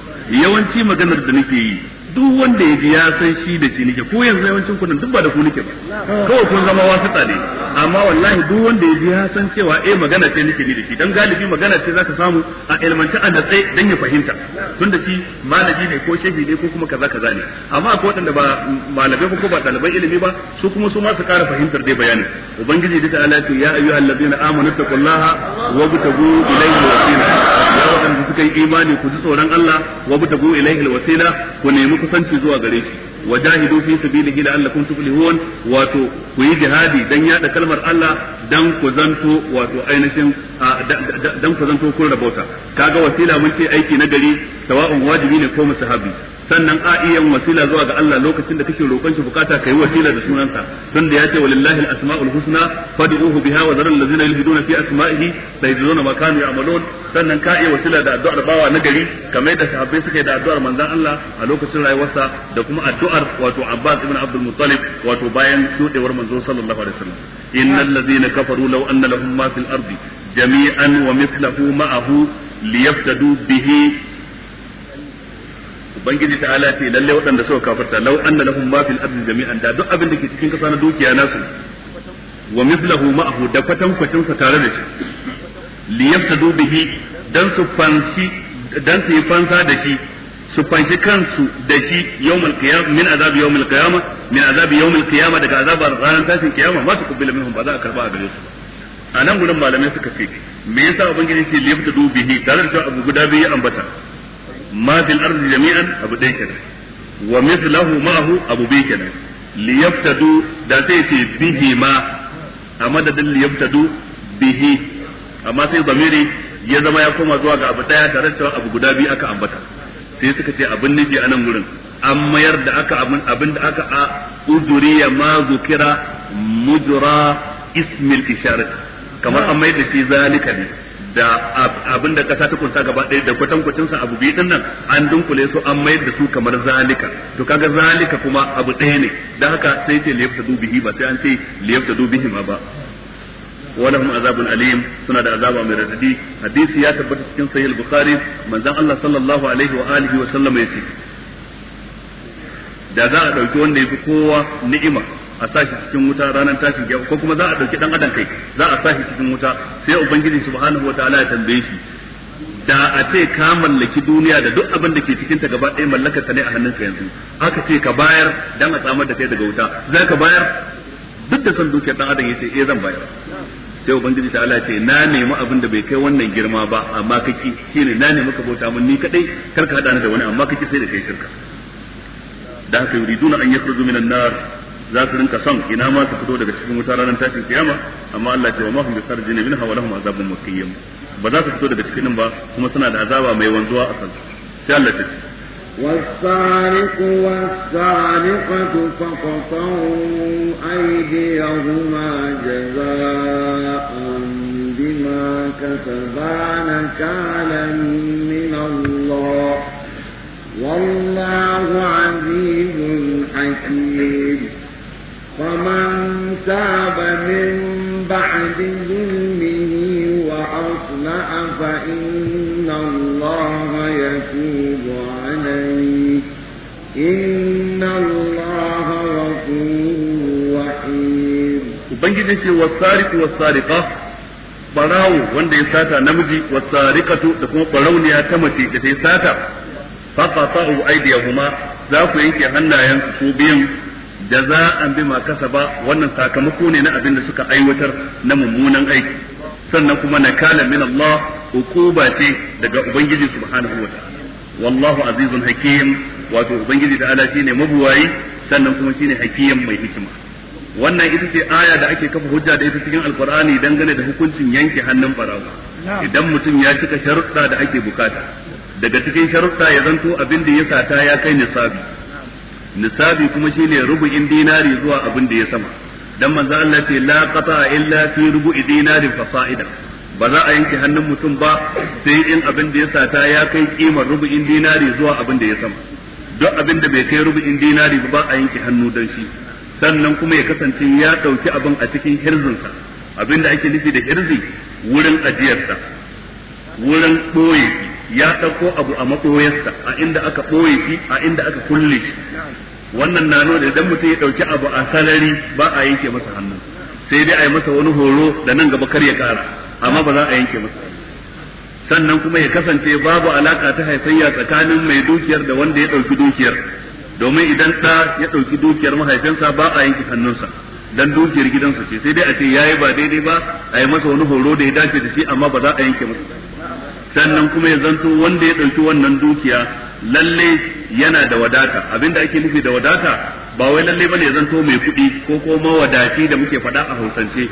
yawanci maganar da nake yi duk wanda ya ji ya san shi da shi nake ko yanzu yawancin kudin duk ba da ku nake ba kawai kun zama wasu ne amma wallahi duk wanda ya ji ya san cewa eh magana ce nake ni da shi dan galibi magana ce zaka samu a ilmanta a natsaye dan ya fahimta tun da shi malami ne ko shehi ne ko kuma kaza kaza ne amma akwai waɗanda ba malamai ba ko ba ɗaliban ilimi ba su kuma su ma su ƙara fahimtar dai bayani ubangiji da ta'ala ya na amanu taqullaha wa btagu ilayhi sallam waɗanda suka yi imani ku ji tsoron Allah wa butagu ilaihi alwasila ku nemi kusanci zuwa gare shi wajahidu fi sabilihi la'allakum tuflihun wato ku yi jihadi dan yada kalmar Allah dan ku zanto wato ainihin dan ku zanto kun rabota kaga wasila mun ce aiki na gari sawa'un wajibi ne ko mustahabi sannan a iya wasila zuwa ga Allah lokacin da kake roƙon shi bukata kai wasila da sunansa don da ce walillahi al-asmaul husna fad'uhu biha wa dharal ladzina yulhiduna fi asma'ihi sayajzuna ma kanu ya'malun sannan ka iya wasila da addu'ar bawa na gari kamar da sahabbai suka yi da addu'ar manzon Allah a lokacin rayuwarsa da kuma addu'ar wato Abbas ibn Abdul Muttalib wato bayan shudewar manzo sallallahu alaihi wasallam innal ladzina kafaru law anna lahum ma fil ardi jami'an wa mithluhu ma'ahu liyaftadu bihi ubangiji ta ala ce lalle waɗanda suka kafarta lau an lahum ma fil ardi jami'an da duk abin da ke cikin kasa na dukiya na nasu wa mithlahu ma'ahu da kwatan kwatin sa tare da shi li yaftadu bihi dan su fansi dan su yi fansa da shi su fanshi kansu da shi yawmal qiyam min azab yawmal qiyama min azab yawmal qiyama daga azabar ranar tashin kiyama ma su kubbila minhum ba za a karba a gare su a nan gudun malamai suka ce me yasa ubangiji ce li yaftadu bihi tare da abu guda biyu ambata ma fil jami'an abu ɗaya kenan wa mithlahu ma'ahu abu bi kenan liyaftadu da sai ce bihi ma a madadin liyaftadu bihi amma sai zamiri ya zama ya koma zuwa ga abu daya tare da abu guda biyu aka ambata sai suka ce abin nufi a gurin an mayar da aka abin da aka a uduriya ma zukira mujra ismil isharat kamar an maida da shi zalika ne da abin da kasa ta kunsa gaba ɗaya da kwatankwacin sa abu biyu dinnan an dunkule su an mayar da su kamar zalika to kaga zalika kuma abu ɗaya ne Da haka sai ce ta dubihi ba sai an ce ta dubihi ma ba azabun alim suna da azaba mai radadi hadisi ya tabbata cikin صحيح Bukhari. من da za a ɗauki wanda ya kowa ni'ima a sa shi cikin wuta ranar tashin kiyama ko kuma za a dauki dan adam kai za a sa shi cikin wuta sai ubangiji subhanahu wataala ya tambaye shi da a ce ka mallaki duniya da duk abin da ke cikin ta gaba ɗaya mallakar ta ne a hannun ka yanzu aka ce ka bayar dan a samar da kai daga wuta za ka bayar duk da son dukiyar dan adam yace eh zan bayar sai ubangiji ta Allah ce na nemi abin da bai kai wannan girma ba amma kake shine na nemi ka bauta mun ni kadai kar ka hada ni da wani amma kake sai da kai shirka da haka yuriduna an yakhruju minan nar za su rinka son ina ma su fito daga cikin wuta ranar tashin kiyama amma Allah ce wa mahum bisarjin minha wa lahum azabun muqayyim ba za su fito daga cikin ba kuma suna da azaba mai wanzuwa a kansu sai Allah ce والسارق والسارقة فقطعوا أيديهما جزاء بما كسبا نكالا ubangiji ce wasariqu wasariqa barawo wanda ya sata namiji wasariqatu da kuma barauniya ta mace da ta yi sata faqata'u aydiyahuma za ku yanke hannayen su biyan jaza'an bima kasaba wannan sakamako ne na abin da suka aiwatar na mummunan aiki sannan kuma nakala min Allah hukuba ce daga ubangiji subhanahu wa wallahu azizun hakim wato ubangiji da ala shine mabuwayi sannan kuma shine hakiyan mai hikima wannan ita ce aya da ake kafa hujja da ita cikin alkur'ani dangane da hukuncin yanke hannun farawa idan mutum ya cika sharuɗa da ake bukata daga cikin sharuɗa ya zanto abin da ya sata ya kai nisabi nisabi kuma shine rubu'in dinari zuwa abin da ya sama dan manzo Allah ce la qata illa fi rubu'i dinarin fasa'ida ba za a yanke hannun mutum ba sai in abin da ya sata ya kai kimar rubu'in dinari zuwa abin da ya sama duk abin da bai kai rubu'in dinari ba a yanke hannu dan shi sannan kuma ya kasance ya ɗauki abin a cikin hirzinsa abin da ake nufi da hirzi wurin ajiyarsa wurin ɓoye shi ya ɗauko abu a maɓoyarsa a inda aka ɓoye shi a inda aka kulle shi wannan na nuna idan mutum ya ɗauki abu a salari ba a yanke masa hannu sai dai a yi masa wani horo da nan gaba kar ya ƙara amma ba za a yanke masa sannan kuma ya kasance babu alaka ta haifayya tsakanin mai dukiyar da wanda ya ɗauki dukiyar domin idan ɗa ya ɗauki dukiyar mahaifinsa ba a yanke hannunsa dan dukiyar gidansa ce sai dai a ce yayi ba daidai ba a yi masa wani horo da ya dace da shi amma ba za a yanke masa sannan kuma ya zanto wanda ya ɗauki wannan dukiya lalle yana da wadata abinda ake nufi da wadata ba wai lalle bane ya zanto mai kuɗi ko ko mawadaci da muke faɗa a hausance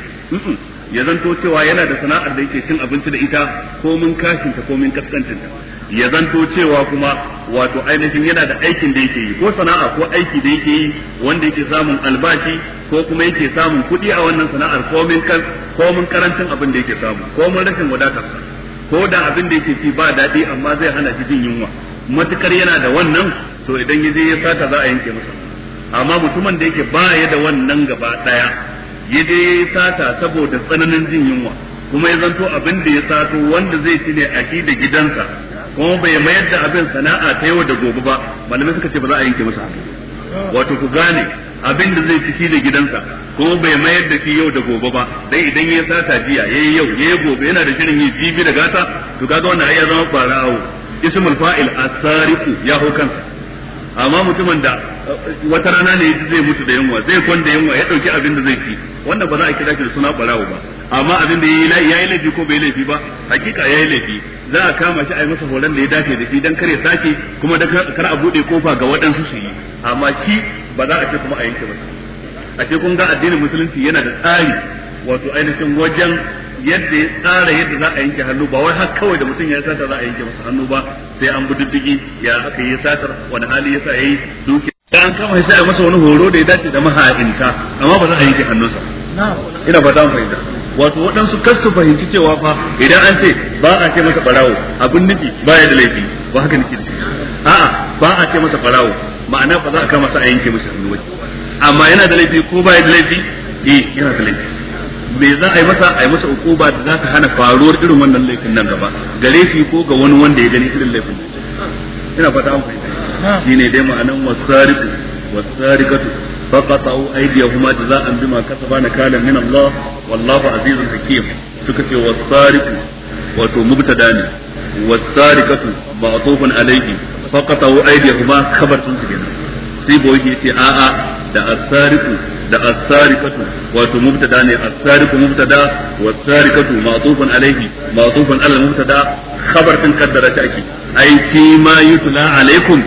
ya zanto cewa yana da sana'ar da yake cin abinci da ita ko mun kashinta ko mun kaskancinta ya zanto cewa kuma wato ainihin yana da aikin da yake yi ko sana'a ko aiki da yake yi wanda yake samun albashi ko kuma yake samun kuɗi a wannan sana'ar komin kan komin karancin abin da yake samu komin rashin wadatar ko da abin da yake ci ba daɗi amma zai hana shi jin yunwa matukar yana da wannan to idan ya je ya sata za a yanke masa amma mutumin da yake ba ya da wannan gaba ɗaya ya je ya sata saboda tsananin jin yunwa kuma ya zanto abin da ya sato wanda zai ci ne a shi da gidansa kuma bai mayar da abin sana'a ta yau da gobe ba malamai suka ce ba za a yanke masa wato ku gane abin da zai ci shi da gidansa kuma bai mayar da shi yau da gobe ba dai idan ya sata jiya yayi yau yayi gobe yana da shirin yi jibi da gata to kaga wannan ai ya zama barawo ismul fa'il asariqu ya hukansa amma mutumin da wata rana ne zai mutu da yunwa zai kwanda yunwa ya dauki abin da zai ci wannan ba za a kira shi da suna barawo ba amma abin da yayi yayi laifi ko bai laifi ba hakika yayi laifi za a kama shi a yi masa horon da ya dace da shi dan kare sake kuma da kar a bude kofa ga waɗansu su yi amma shi ba za a ce kuma a yanke masa a ce kun ga addinin musulunci yana da tsari wato ainihin wajen yadda ya tsara yadda za a yanke hannu ba wai har kawai da mutum ya sata za a yanke masa hannu ba sai an bi diddigi ya aka yi satar wani hali ya sa yayi da an kama sai a masa wani horo da ya dace da maha'inta amma ba za a yanke hannunsa ina ba za mu fahimta wato waɗansu kasu fahimci cewa fa idan an ce ba a ce masa barawo abin nufi ba ya da laifi ba haka nake a'a ba a ce masa barawo ma'ana ba za a kama sa a yanke masa hannu wani amma yana da laifi ko ba ya da laifi eh yana da laifi me za a yi masa a yi masa ukuba da za ta hana faruwar irin wannan laifin nan gaba gare laifi ko ga wani wanda ya gani irin laifin ina fata an fahimta shine dai ma'anan wasariku wasarikatu فقطعوا أيديهما جزاء بما كسبا نكالا من الله والله عزيز حكيم سكتي والسارق wato mubtada ne wasariqatu ma'tufun alayhi faqatahu aydihuma khabatun kenan sai boye yace a a da asariqu da asariqatu wato mubtada ne asariqu mubtada wasariqatu ma'tufun alayhi ma'tufun ala mubtada khabar din kaddara ta ake yutla alaikum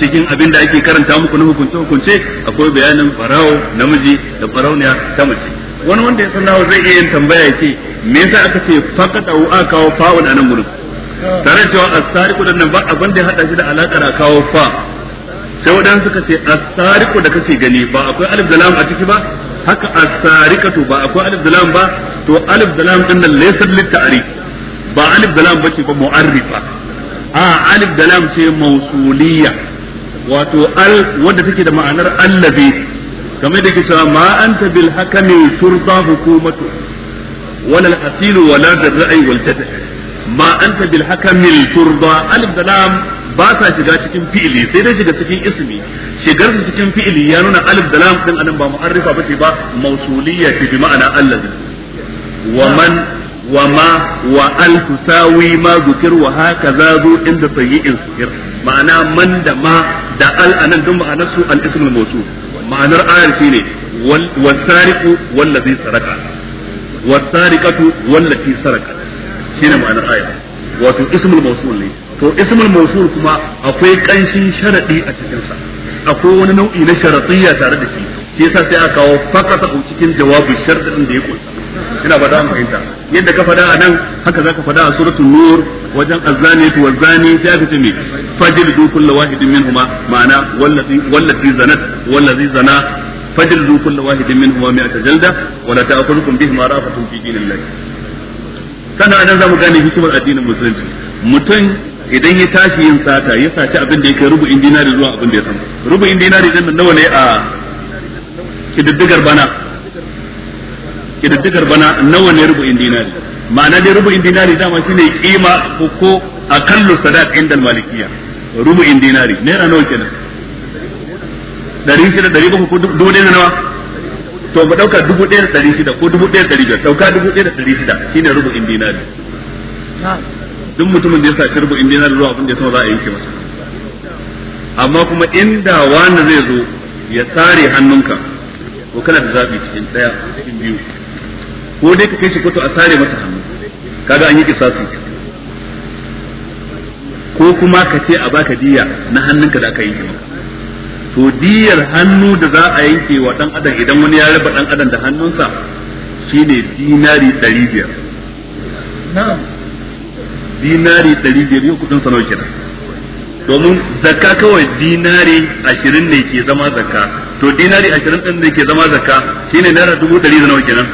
cikin abin da ake karanta muku na hukunce hukunce akwai bayanin farawo namiji da farauniya ta mace wani wanda ya san zai iya yin tambaya ya ce me yasa aka ce faqata wa aka kawo fa'un anan gurin tare da cewa as-sariqu da nan ba abin da ya hada shi da alaƙar a kawo fa sai wadansu suka ce as-sariqu da kace gani ba akwai alif da lam a ciki ba haka as-sariqatu ba akwai alif da lam ba to alif da lam din nan laysa lit-ta'rif ba alif da lam bace ba mu'arrifa a alif da lam ce mausuliyya wato al wanda take da ma'anar allabi kamar da ke cewa ma anta bil haka hakami turba hukumatu wala al asil wala da ra'i wal jad ma anta bil hakami turba alif da lam ba sa shiga cikin fi'ili sai dai shiga cikin ismi shigar su cikin fi'ili ya nuna alif da lam din anan ba mu'arrifa bace ba mausuliyya ce bi ma'ana allabi wa man وما وأن تساوي ما ذكر وهكذا ذو عند سيء سكر معنى من دما ما دا أل أنا دم أنسو الاسم الموصول معنى الآية شيني والسارق والذي سرق والسارقة والتي سرقت شيني معنى الآية wato ismul mausul ne to ismul mausul kuma akwai kanshin sharadi a cikinsa akwai wani nau'i na sharadiyya tare da shi shi yasa sai aka kawo fakasa cikin jawabu din da ya kusa ina ba da fahimta yadda ka faɗa a nan haka zaka faɗa a suratul nur wajen azani tu wazani sai aka ce me fajil du kullu wahidin minhuma ma'ana wallazi wallazi zanat wallazi zana fajil du kullu wahidin minhuma mi'ata jalda wa la ta'khudhukum bihima rafatun fi dinillahi sannan anan zamu gane hikimar addinin musulunci mutum idan ya tashi yin sata ya saci abin da yake rubu indinari zuwa abin da ya samu rubu indinari din nawa ne a kididdigar bana kididdigar bana nawa ne rubu'in dinari ma'ana ne rubu'in dinari dama shine kima ko ko akallu sadaq inda malikiya rubu'in dinari naira nawa kenan dari shida dari bakwai ko dubu ne nawa to ba ɗauka dubu ɗaya da dari shida ko dubu ɗaya da dari biyar ɗauka dubu ɗaya da dari shida shine rubu'in dinari duk mutumin da ya saci rubu'in dinari zuwa abin da ya sama za a yanke masa amma kuma inda wani zai zo ya tsare hannunka to kana da zabi cikin daya cikin biyu ko dai ka kai shi kwato a sare masa hannu kaga an yi kisasi ko kuma ka ce a baka diya na hannunka da aka yi maka to diyar hannu da za a yanke wa dan adam idan wani ya raba dan adam da hannunsa shine dinari 500 na'am dinari 500 yau kudin sa nawa kenan domin zakka kawai dinari ashirin ne ke zama zakka to dinari ashirin ɗin ne ke zama zakka shine naira dubu ɗari da nawa kenan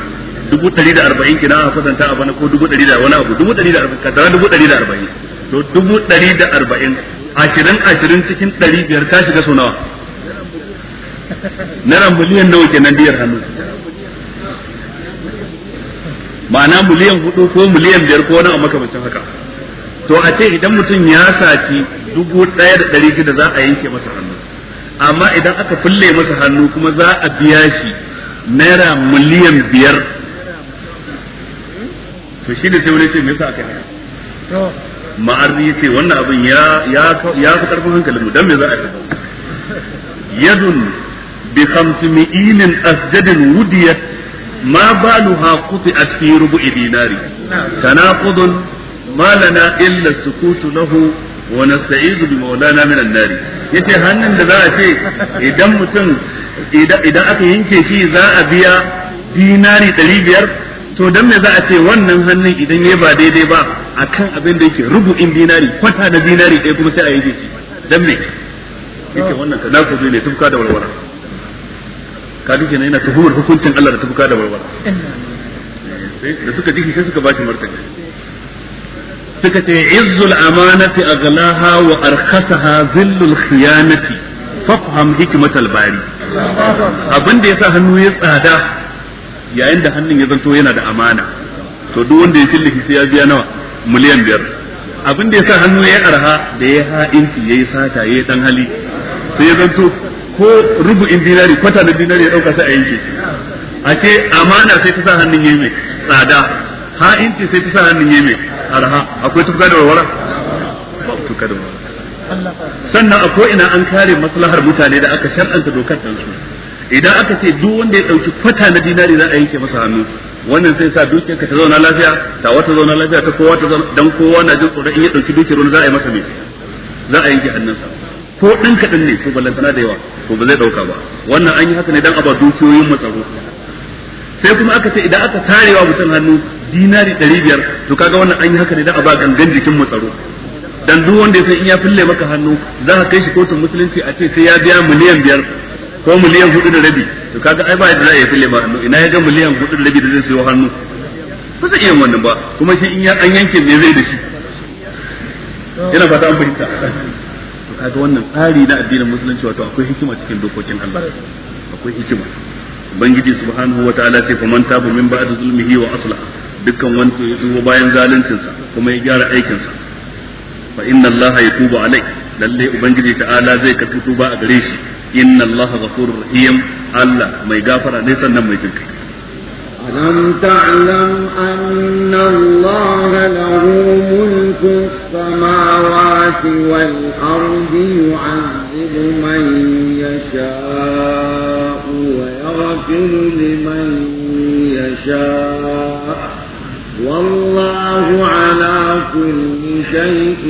dubu ɗari da arba'in kenan a kwatanta a bana ko dubu ɗari da wani abu dubu ɗari da arba'in kadara dubu ɗari da arba'in to dubu ɗari da arba'in ashirin ashirin cikin ɗari biyar ta shiga sunawa nawa naira miliyan nawa kenan biyar hannu ma'ana miliyan hudu ko miliyan biyar ko wani a makamancin haka to a ce idan mutum ya saci dubu ɗaya da ɗari shida za a yanke masa hannu amma idan aka fille masa hannu kuma za a biya shi naira miliyan biyar to shi ne sai wani ce me sa aka yi ma'arri ya ce wannan abin ya fi karfin hankalin mu don me za a yi yadun bi mi'inin asjadin wudiyat ma baluha quti'at fi rubu'i dinari tanaqudun ما لنا illa السكوت له ونستعيذ بمولانا من النار min yace hannun da za a ce idan mutum idan aka yanke shi za a biya dinari 500 to dan me za a ce wannan hannun idan ya ba daidai ba akan abin da yake rubu'in dinari kwata da dinari ɗaya kuma sai a yanke shi dan me yake wannan ka tanakuzi ne tufka da walwala ka duke yana tuhumar hukuncin Allah da tufka da walwala da suka jiki sai suka bashi martani suka ce izzul amanati aghlaha wa arkhasaha zillul khiyanati fafham hikmatal bari abin da yasa hannu ya tsada yayin da hannun ya zanto yana da amana to duk wanda ya killi sai ya biya nawa miliyan biyar abin da yasa hannu ya arha da ya ha'inci yayi sata yayi dan hali sai ya zanto ko rubu'in dinari kwata na dinari ya dauka sai a yanke shi a ce amana sai ta sa hannun yayi mai tsada Ha ce sai ta nan ne mai arha akwai tuka da warwara tuka da warwara sannan a ina an kare maslahar mutane da aka shar'anta dokar ɗan su idan aka ce duk wanda ya ɗauki kwata na dinari za a yanke masa hannu wannan sai sa dukiyar ka ta zauna lafiya ta wata zauna lafiya ta kowa ta zauna dan kowa na jin tsoron in ya ɗauki dukiyar wani za a yi masa me za a yanke hannunsa ko ɗan kaɗan ne to ballantana da yawa to ba zai ɗauka ba wannan an yi haka ne dan a ba dukiyoyin mu sai kuma aka ce idan aka tarewa mutum hannu dinari ɗari biyar to kaga wannan an yi haka ne da a ba gangan jikin mu tsaro dan duk wanda ya san in ya fille maka hannu za ka kai shi kotun musulunci a ce sai ya biya miliyan biyar ko miliyan hudu da rabi to kaga ai ba yadda za a yi fille ma hannu ina ya ga miliyan hudu da rabi da zai sayo hannu ba zai iya wannan ba kuma shi in ya an yanke me zai da shi ina fata an fahimta to kaga wannan tsari na addinin musulunci wato akwai hikima cikin dokokin Allah akwai hikima ubangiji subhanahu wataala ce faman tabu min ba'da zulmihi wa aslaha dukkan wanda ya tuba bayan zaluncinsa kuma ya gyara aikinsa fa inna allaha yatubu alai lalle ubangiji ta'ala zai ka tuba a gare shi inna allaha ghafurur rahim Allah mai gafara ne sannan mai jinkai anna allaha lahu mulku samawati wal ardi والأرض man yasha'u wa yaghfiru liman yasha'u والله على كل شيء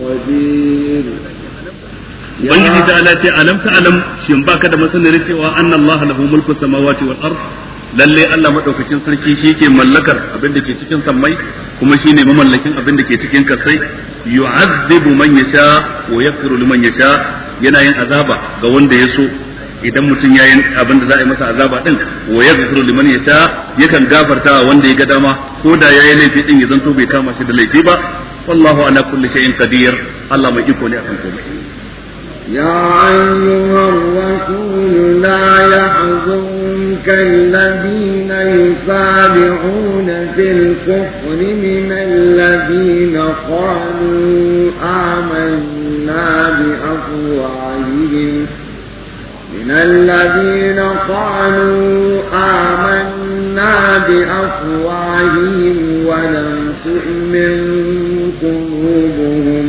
قدير ubangiji ta ala ce alam ta alam shin baka da masanin cewa anna Allah lahu mulku samawati wal lalle Allah madaukakin sarki shi ke mallakar abin da ke cikin sammai kuma shine mamallakin abin da ke cikin kasai yu'azzibu man yasha wa yaghfiru liman yasha yana yin azaba ga wanda ya so idan mutum ya yi abin da za a yi masa azaba din wa ya zufuru liman ya sha yakan gafarta wanda ya ga dama ko da ya yi laifi din ya zanto bai kama shi da laifi ba wallahu ala kulli shay'in qadir Allah mai iko ne akan komai يا أيها الرسول لا يحزنك الذين يسارعون في الكفر من الذين قالوا آمنا بأفواههم من الذين قالوا آمنا بأفواههم ولم تؤمن قلوبهم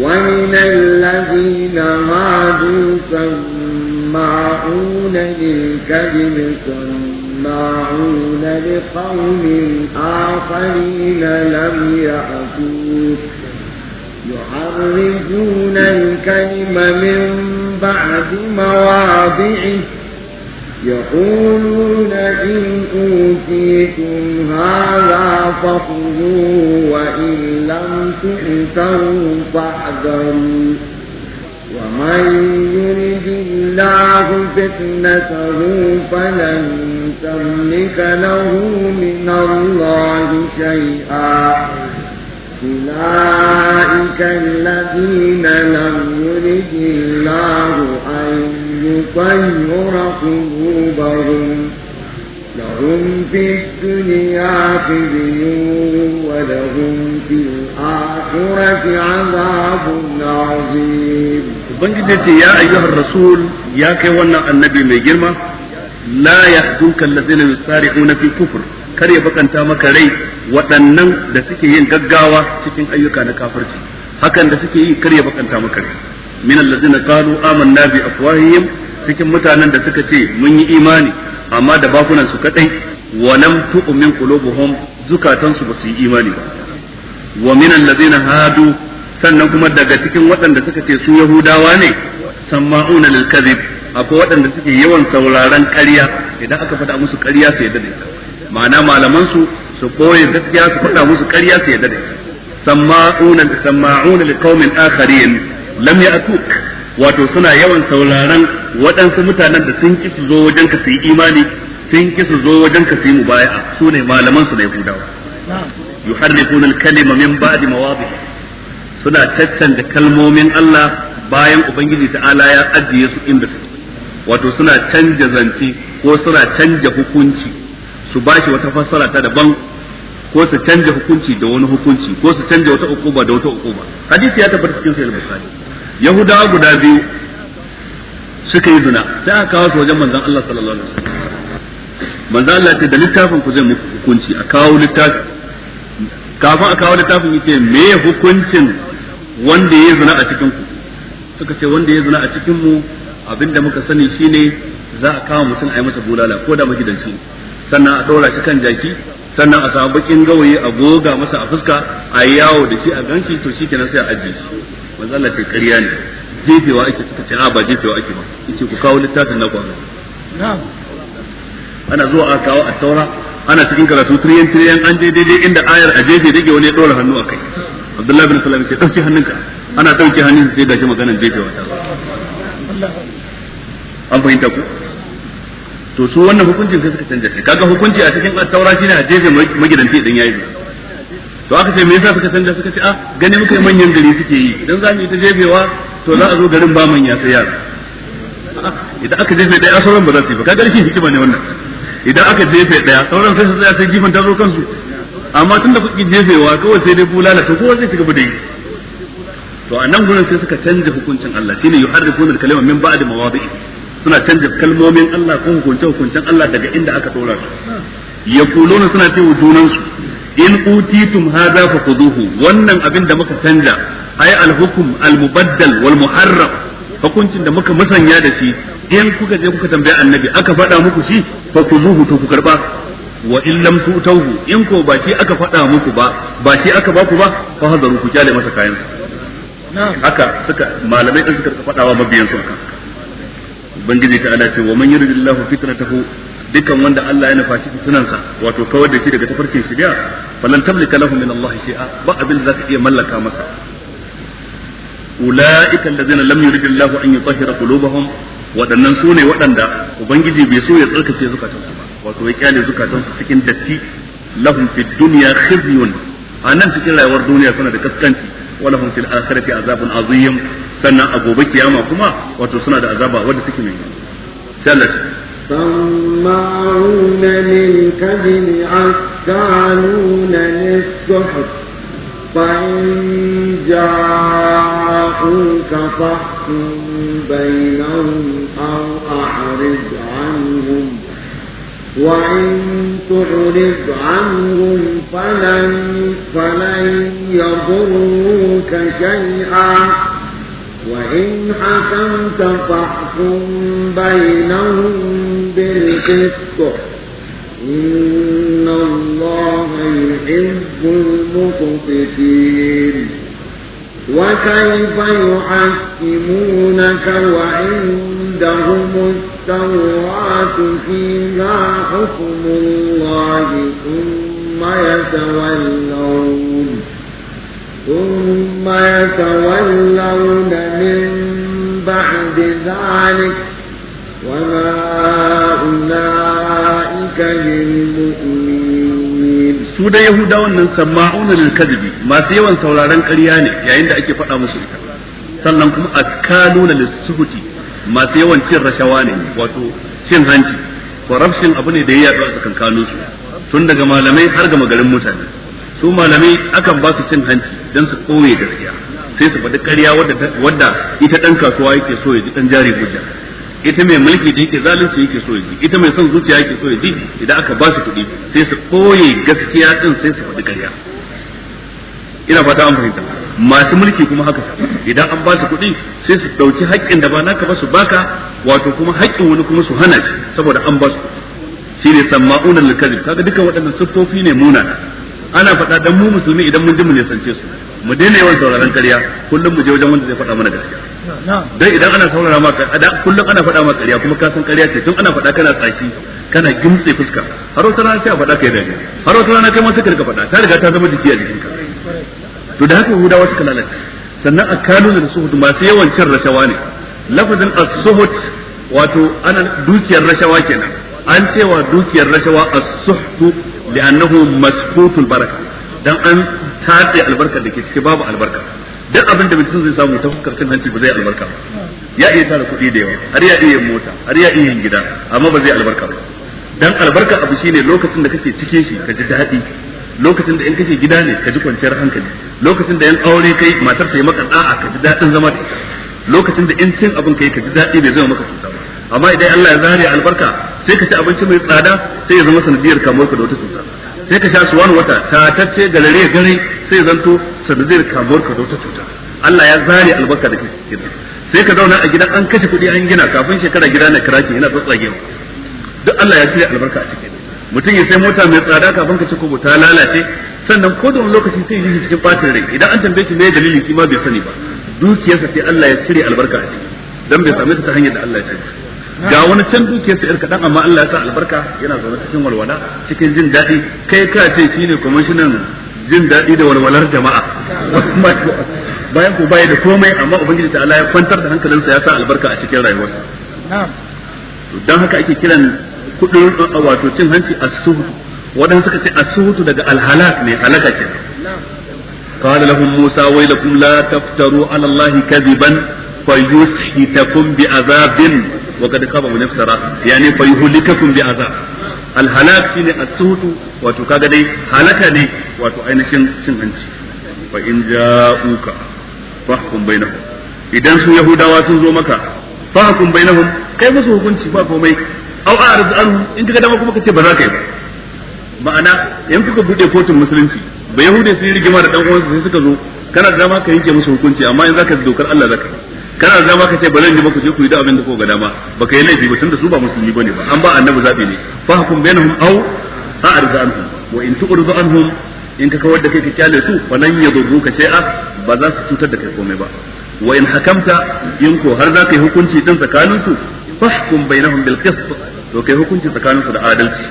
ومن الذين هادوا سماعون للكذب سماعون لقوم آخرين لم يأتوك يحرفون الكلم من بعد مواضعه يقولون إن أوتيتم هذا فخذوه وإن لم تؤتوا فاحذروا ومن يرد الله فتنته فلن تملك له من الله شيئا أولئك الذين لم يرد الله أن يطير قلوبهم لهم في الدنيا خزي ولهم في الآخرة عذاب عظيم ubangiji ya ayyuhar rasul ya kai wannan annabi mai girma la yahzunka allazina yusari'una fi kufr kar ya bakanta maka rai waɗannan da suke yin gaggawa cikin ayyuka na kafirci hakan da suke yi kar ya bakanta maka rai min allazina qalu amanna bi afwahihim cikin mutanen da suka ce mun yi imani amma da bakunan su kadai wa lam tu'min qulubuhum zukatan su basu yi imani ba wa min allazina hadu sannan kuma daga cikin waɗanda suka ce su yahudawa ne sama'una lil kadhib akwai waɗanda suke yawan sauraron ƙarya idan aka faɗa musu ƙarya sai da ita ma'ana malaman su su koyi gaskiya su faɗa musu ƙarya su yadda da ita sama'una sama'una liqaumin akharin lam ya'tuk wato suna yawan sauraron waɗansu mutanen da sun ki su zo wajen ka su yi imani sun ki su zo wajen ka su yi mubaya'a su ne malaman su na Yahudawa yuharrifuna al-kalima min ba'di mawadhi suna caccanta kalmomin Allah bayan ubangiji ta'ala ya ajiye su inda su wato suna canja zance ko suna canja hukunci su ba shi wata fassara ta daban ko su canja hukunci da wani hukunci ko su canja wata ukuba da wata ukuba hadisi ya tabbata cikin al bukhari yahudawa guda biyu suka yi zina sai aka kawo su wajen manzon Allah sallallahu alaihi wasallam manzon Allah ce da littafin ku zai muku hukunci a kawo littafi kafin a kawo littafin yace me hukuncin wanda ya zina a cikin ku suka ce wanda ya zina a cikin mu abinda muka sani shine za a kawo mutum a yi masa bulala ko da magidanci ne sannan a ɗora shi kan jaki sannan a samu bakin gawayi a goga masa a fuska a yawo da shi a ganshi to shi kenan sai a ajiye shi manzo ce ƙarya ne jefewa ake suka ce a ah, ba jefewa ake ba ce ku kawo littafin na kwana ana zuwa a kawo a taura ana cikin karatu tiriyan tiriyan an je daidai inda ayar a jefe dage wani ya ɗora hannu a kai Abdullahi bin Salam ce ɗauki hannunka ana ɗauki hannun sai shi maganar jefewa ta an fahimta ku to su wannan hukuncin sai suka canja shi kaga hukunci a cikin at-taura shine a jefe magidanci idan yayi to aka ce me yasa suka canja suka ce a ah, gani muka manyan gari suke yi idan za mu yi ta jefewa to za a zo garin ba manya sai yara idan aka jefe daya sauran ba za su yi ba kaga shi hikima ne wannan idan aka jefe daya sauran sai su tsaya sai jifan ta zo kansu amma tunda kuke jefewa kawai sai dai bulala to kowa zai ci gaba da yi to a nan gurin sai suka canja hukuncin Allah shine yuharrifuna al-kalima min ba'di mawadi'i suna canza kalmomin Allah ko hukunce hukuncen Allah daga inda aka dora su yaquluna suna cewa junan su in utitum hadha fakhuduhu wannan abin da muka canja ay al-hukm wal muharram hukuncin da muka musanya da shi in kuka je kuka tambaya annabi aka faɗa muku shi fakhuduhu to ku karba wa in lam in ko ba shi aka faɗa muku ba ba shi aka ba ba fa hadaru ku kyale masa kayan haka suka malamai din suka faɗa wa mabiyan su ubangiji ta ala ce wa man yuridillahu fitnatahu dukkan wanda Allah ya nufa shi sunansa wato kawar da shi daga tafarkin shari'a falan tamlika lahu min Allah shay'a ba abin da zaka iya mallaka masa ulaika allazina lam yuridillahu an yutahhira qulubahum waɗannan su ne waɗanda ubangiji bai so ya tsarkake zukatansu ba wato ya kyale zukatansu cikin datti lahum fid dunya khizyun a nan cikin rayuwar duniya suna da kaskanci wa lahum fil akhirati azabun azim sannan a gobe kiyama kuma wato suna da azaba wanda suke mai sallah sammauna lil kadhib aqaluna lisuh fa in ja'uka fa bainahum aw a'rid anhum وإن تعرض عنهم فلن فلن يضروك شيئا وإن حكمت فاحكم بينهم بالقسط إن الله يحب المقسطين وكيف يحكمونك وعندهم التوراة فيها حكم الله ثم يتولون ثم يتولون من بعد ذلك وما أولئك بالمؤمنين سودا يهودا wannan sama'un lilkadibi masu yawan sauraron ƙarya ne yayin da ake faɗa musu ita sannan kuma askaluna lisuhuti masu yawan cin rashawa ne wato cin hanci corruption abu ne da ya yaɗu a su tun daga malamai har ga magarin mutane su malamai akan ba su cin hanci don su ɓoye gaskiya sai su faɗi ƙarya wadda ita ɗan kasuwa yake so ya ji ɗan jari hujja ita mai mulki da yake zalunci yake so ya ji ita mai son zuciya yake so ya ji idan aka ba su kuɗi sai su ɓoye gaskiya ɗin sai su faɗi ƙarya ina fata an fahimta masu mulki kuma haka su, idan an ba su kuɗi sai su ɗauki haƙƙin da ba naka ba su baka wato kuma haƙƙin wani kuma su hana shi saboda an ba su kuɗi shi ne sama'unan kadhib kaga dukkan waɗannan siffofi ne munana ana faɗa dan mu musulmi idan mun ji mu nisance su mu daina yawan sauraron ƙarya kullum mu je wajen wanda zai faɗa mana gaskiya dan idan ana saurara ma kullum ana faɗa ma ƙarya kuma ka san ƙarya ce tun ana faɗa kana tsaki kana gimtse fuska har wata rana sai a faɗa kai dariya har wata rana kai ma sai ka rika faɗa ta riga ta zama jiki a jikinka to da haka Yahudawa suka lalace sannan a kano da suhud masu yawan cin rashawa ne lafazin as-suhud wato ana dukiyar rashawa kenan an cewa dukiyar rashawa as suhud li'annahu masfutul baraka dan an tatse albarka da ke ciki babu albarka duk abin da mutum zai samu ta fuskar cin hanci ba zai albarka ba ya iya tara kuɗi da yawa har ya iya mota har ya iya gida amma ba zai albarka ba dan albarka abu shine lokacin da kake cike shi ka ji daɗi lokacin da in kake gida ne ka ji kwanciyar hankali lokacin da yan aure kai matar ta yi maka da'a ka ji daɗin zama da lokacin da in cin abin kai ka ji daɗi bai zama maka cuta ba amma idan Allah ya zare albarka sai ka ci abinci mai tsada sai ya zama sanadiyar kamuwar ka da wata cuta sai ka sha suwan wata tatacce galare gare sai ya zanto sanadiyar kamuwar ka da wata cuta Allah ya zari albarka da kake sai ka zauna a gidan an kashe kuɗi an gina kafin shekara gida na kiraki yana tsatsagewa duk Allah ya cire albarka a cikin mutum ya sai mota mai tsada kafin ka ci kobo ta lalace sannan ko da wani lokaci sai yi cikin bacin rai idan an tambaye shi me dalili shi ma bai sani ba dukiyarsa sai Allah ya cire albarka a ciki dan bai same ta ta hanyar da Allah ya cire ga wani can dukiyar sa irka dan amma Allah ya sa albarka yana zaune cikin walwala cikin jin daɗi kai ka ce shine kwamishinan jin daɗi da walwalar jama'a bayan ko baya da komai amma ubangiji ta Allah ya kwantar da sa ya sa albarka a cikin rayuwarsa dan haka ake kiran kudin wato cin hanci as-suhud wadan suka ce as-suhud daga al-halak ne halaka ce qala lahum musa waylakum la taftaru ala allahi kadiban فيسحتكم بعذاب وقد خاب من افترى يعني فيهلككم بعذاب الهلاك شيء السهوت wato kaga dai halaka ne wato ainihin cin hanci fa in ja'uka fahkum bainahum idan su yahudawa sun zo maka fahkum bainahum kai musu hukunci ba komai au a'rid anhu in dama kuma kace ba za ka yi ma'ana in kuka bude kotun musulunci ba yahude sun yi rigima da dan uwansu sai suka zo kana da dama ka yanke musu hukunci amma in zaka ji dokar Allah zaka yi kana da dama ka ce ba zan ji ba ku je ku yi da abin da ku ga dama ba kai yi laifi ba tunda su ba musulmi bane ba an ba annabi zabi ne fa hukum bainahum aw a'rid anhum wa in tu'rid anhum in ka kawar da kai ka kyale su fa lan yadurruka shay'a ba za su cutar da kai komai ba wa in hakamta in ko har za ka yi hukunci din tsakanin su fahkum bainahum bil qist to kai hukunci tsakanin su da adalci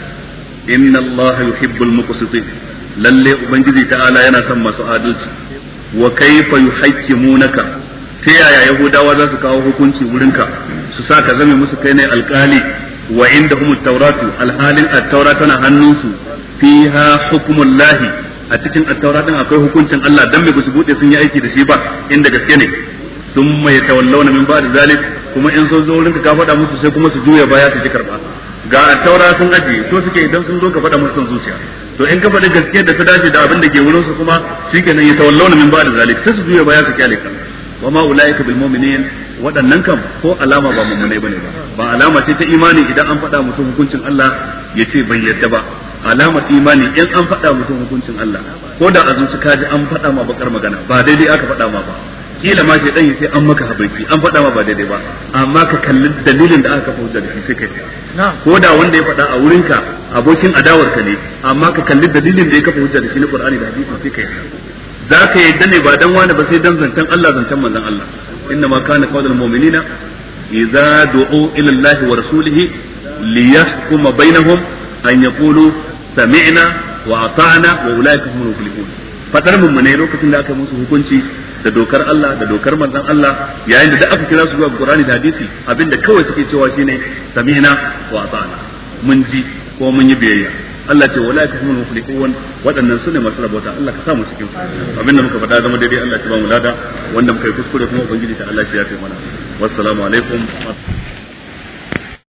inna allaha yuhibbul muqsitin lalle ubangiji ta'ala yana son masu adalci wa kaifa yuhaqqimunaka ta yaya yahudawa za su kawo hukunci wurinka su sa ka zame musu kai ne alkali wa inda humu tauratu alhalin attaura tana hannunsu fiha hukumullahi a cikin attaura din akwai hukuncin Allah dan me su bude sun yi aiki da shi ba inda gaske ne sun mai tawallauna min da zalik kuma in sun zo wurinka ka faɗa musu sai kuma su juya baya su ji karba ga attaura sun aje to suke idan sun zo ka faɗa musu sun zuciya to in ka faɗi gaskiyar da ta dace da abin da ke wurin su kuma shikenan ya tawallauna min da zalik sai su juya baya su kyale ka wa ma ulaika bil mu'minin waɗannan kam ko alama ba mummunai bane ba ba alama ce ta imani idan an faɗa mutum hukuncin Allah ya ce bai yadda ba Alama ta imani in an faɗa mutum hukuncin Allah ko da a zuci kaji an faɗa ma bakar magana ba daidai aka faɗa ma ba kila ma shedan ya ce an maka habaici an faɗa ma ba daidai ba amma ka kalli dalilin da aka fauza da shi sai ka ko da wanda ya faɗa a wurinka abokin adawarka ne amma ka kalli dalilin da ya kafa hujja da shi na Qur'ani da hadisi sai ka za ka yadda ne ba dan wani ba sai dan zancen Allah zancen manzon Allah inna ma kana qawlul mu'minina idza du'u ila Allah wa rasulih liyahkuma bainahum an yaqulu sami'na wa ata'na wa ulaika humul muflihun fadar mun ne lokacin da aka musu hukunci da dokar Allah da dokar manzon Allah yayin da aka kira su zuwa Qur'ani da hadisi abinda kawai suke cewa shine sami'na wa ata'na mun ji ko mun yi biyayya Allah ce wala kasmul muflihun waɗannan sune masu rabota Allah ka sa mu cikin abin da muka faɗa zama daidai Allah ya ba mu lada wanda muka yi kuskure kuma ubangiji ta Allah shi ya kai mana wassalamu alaikum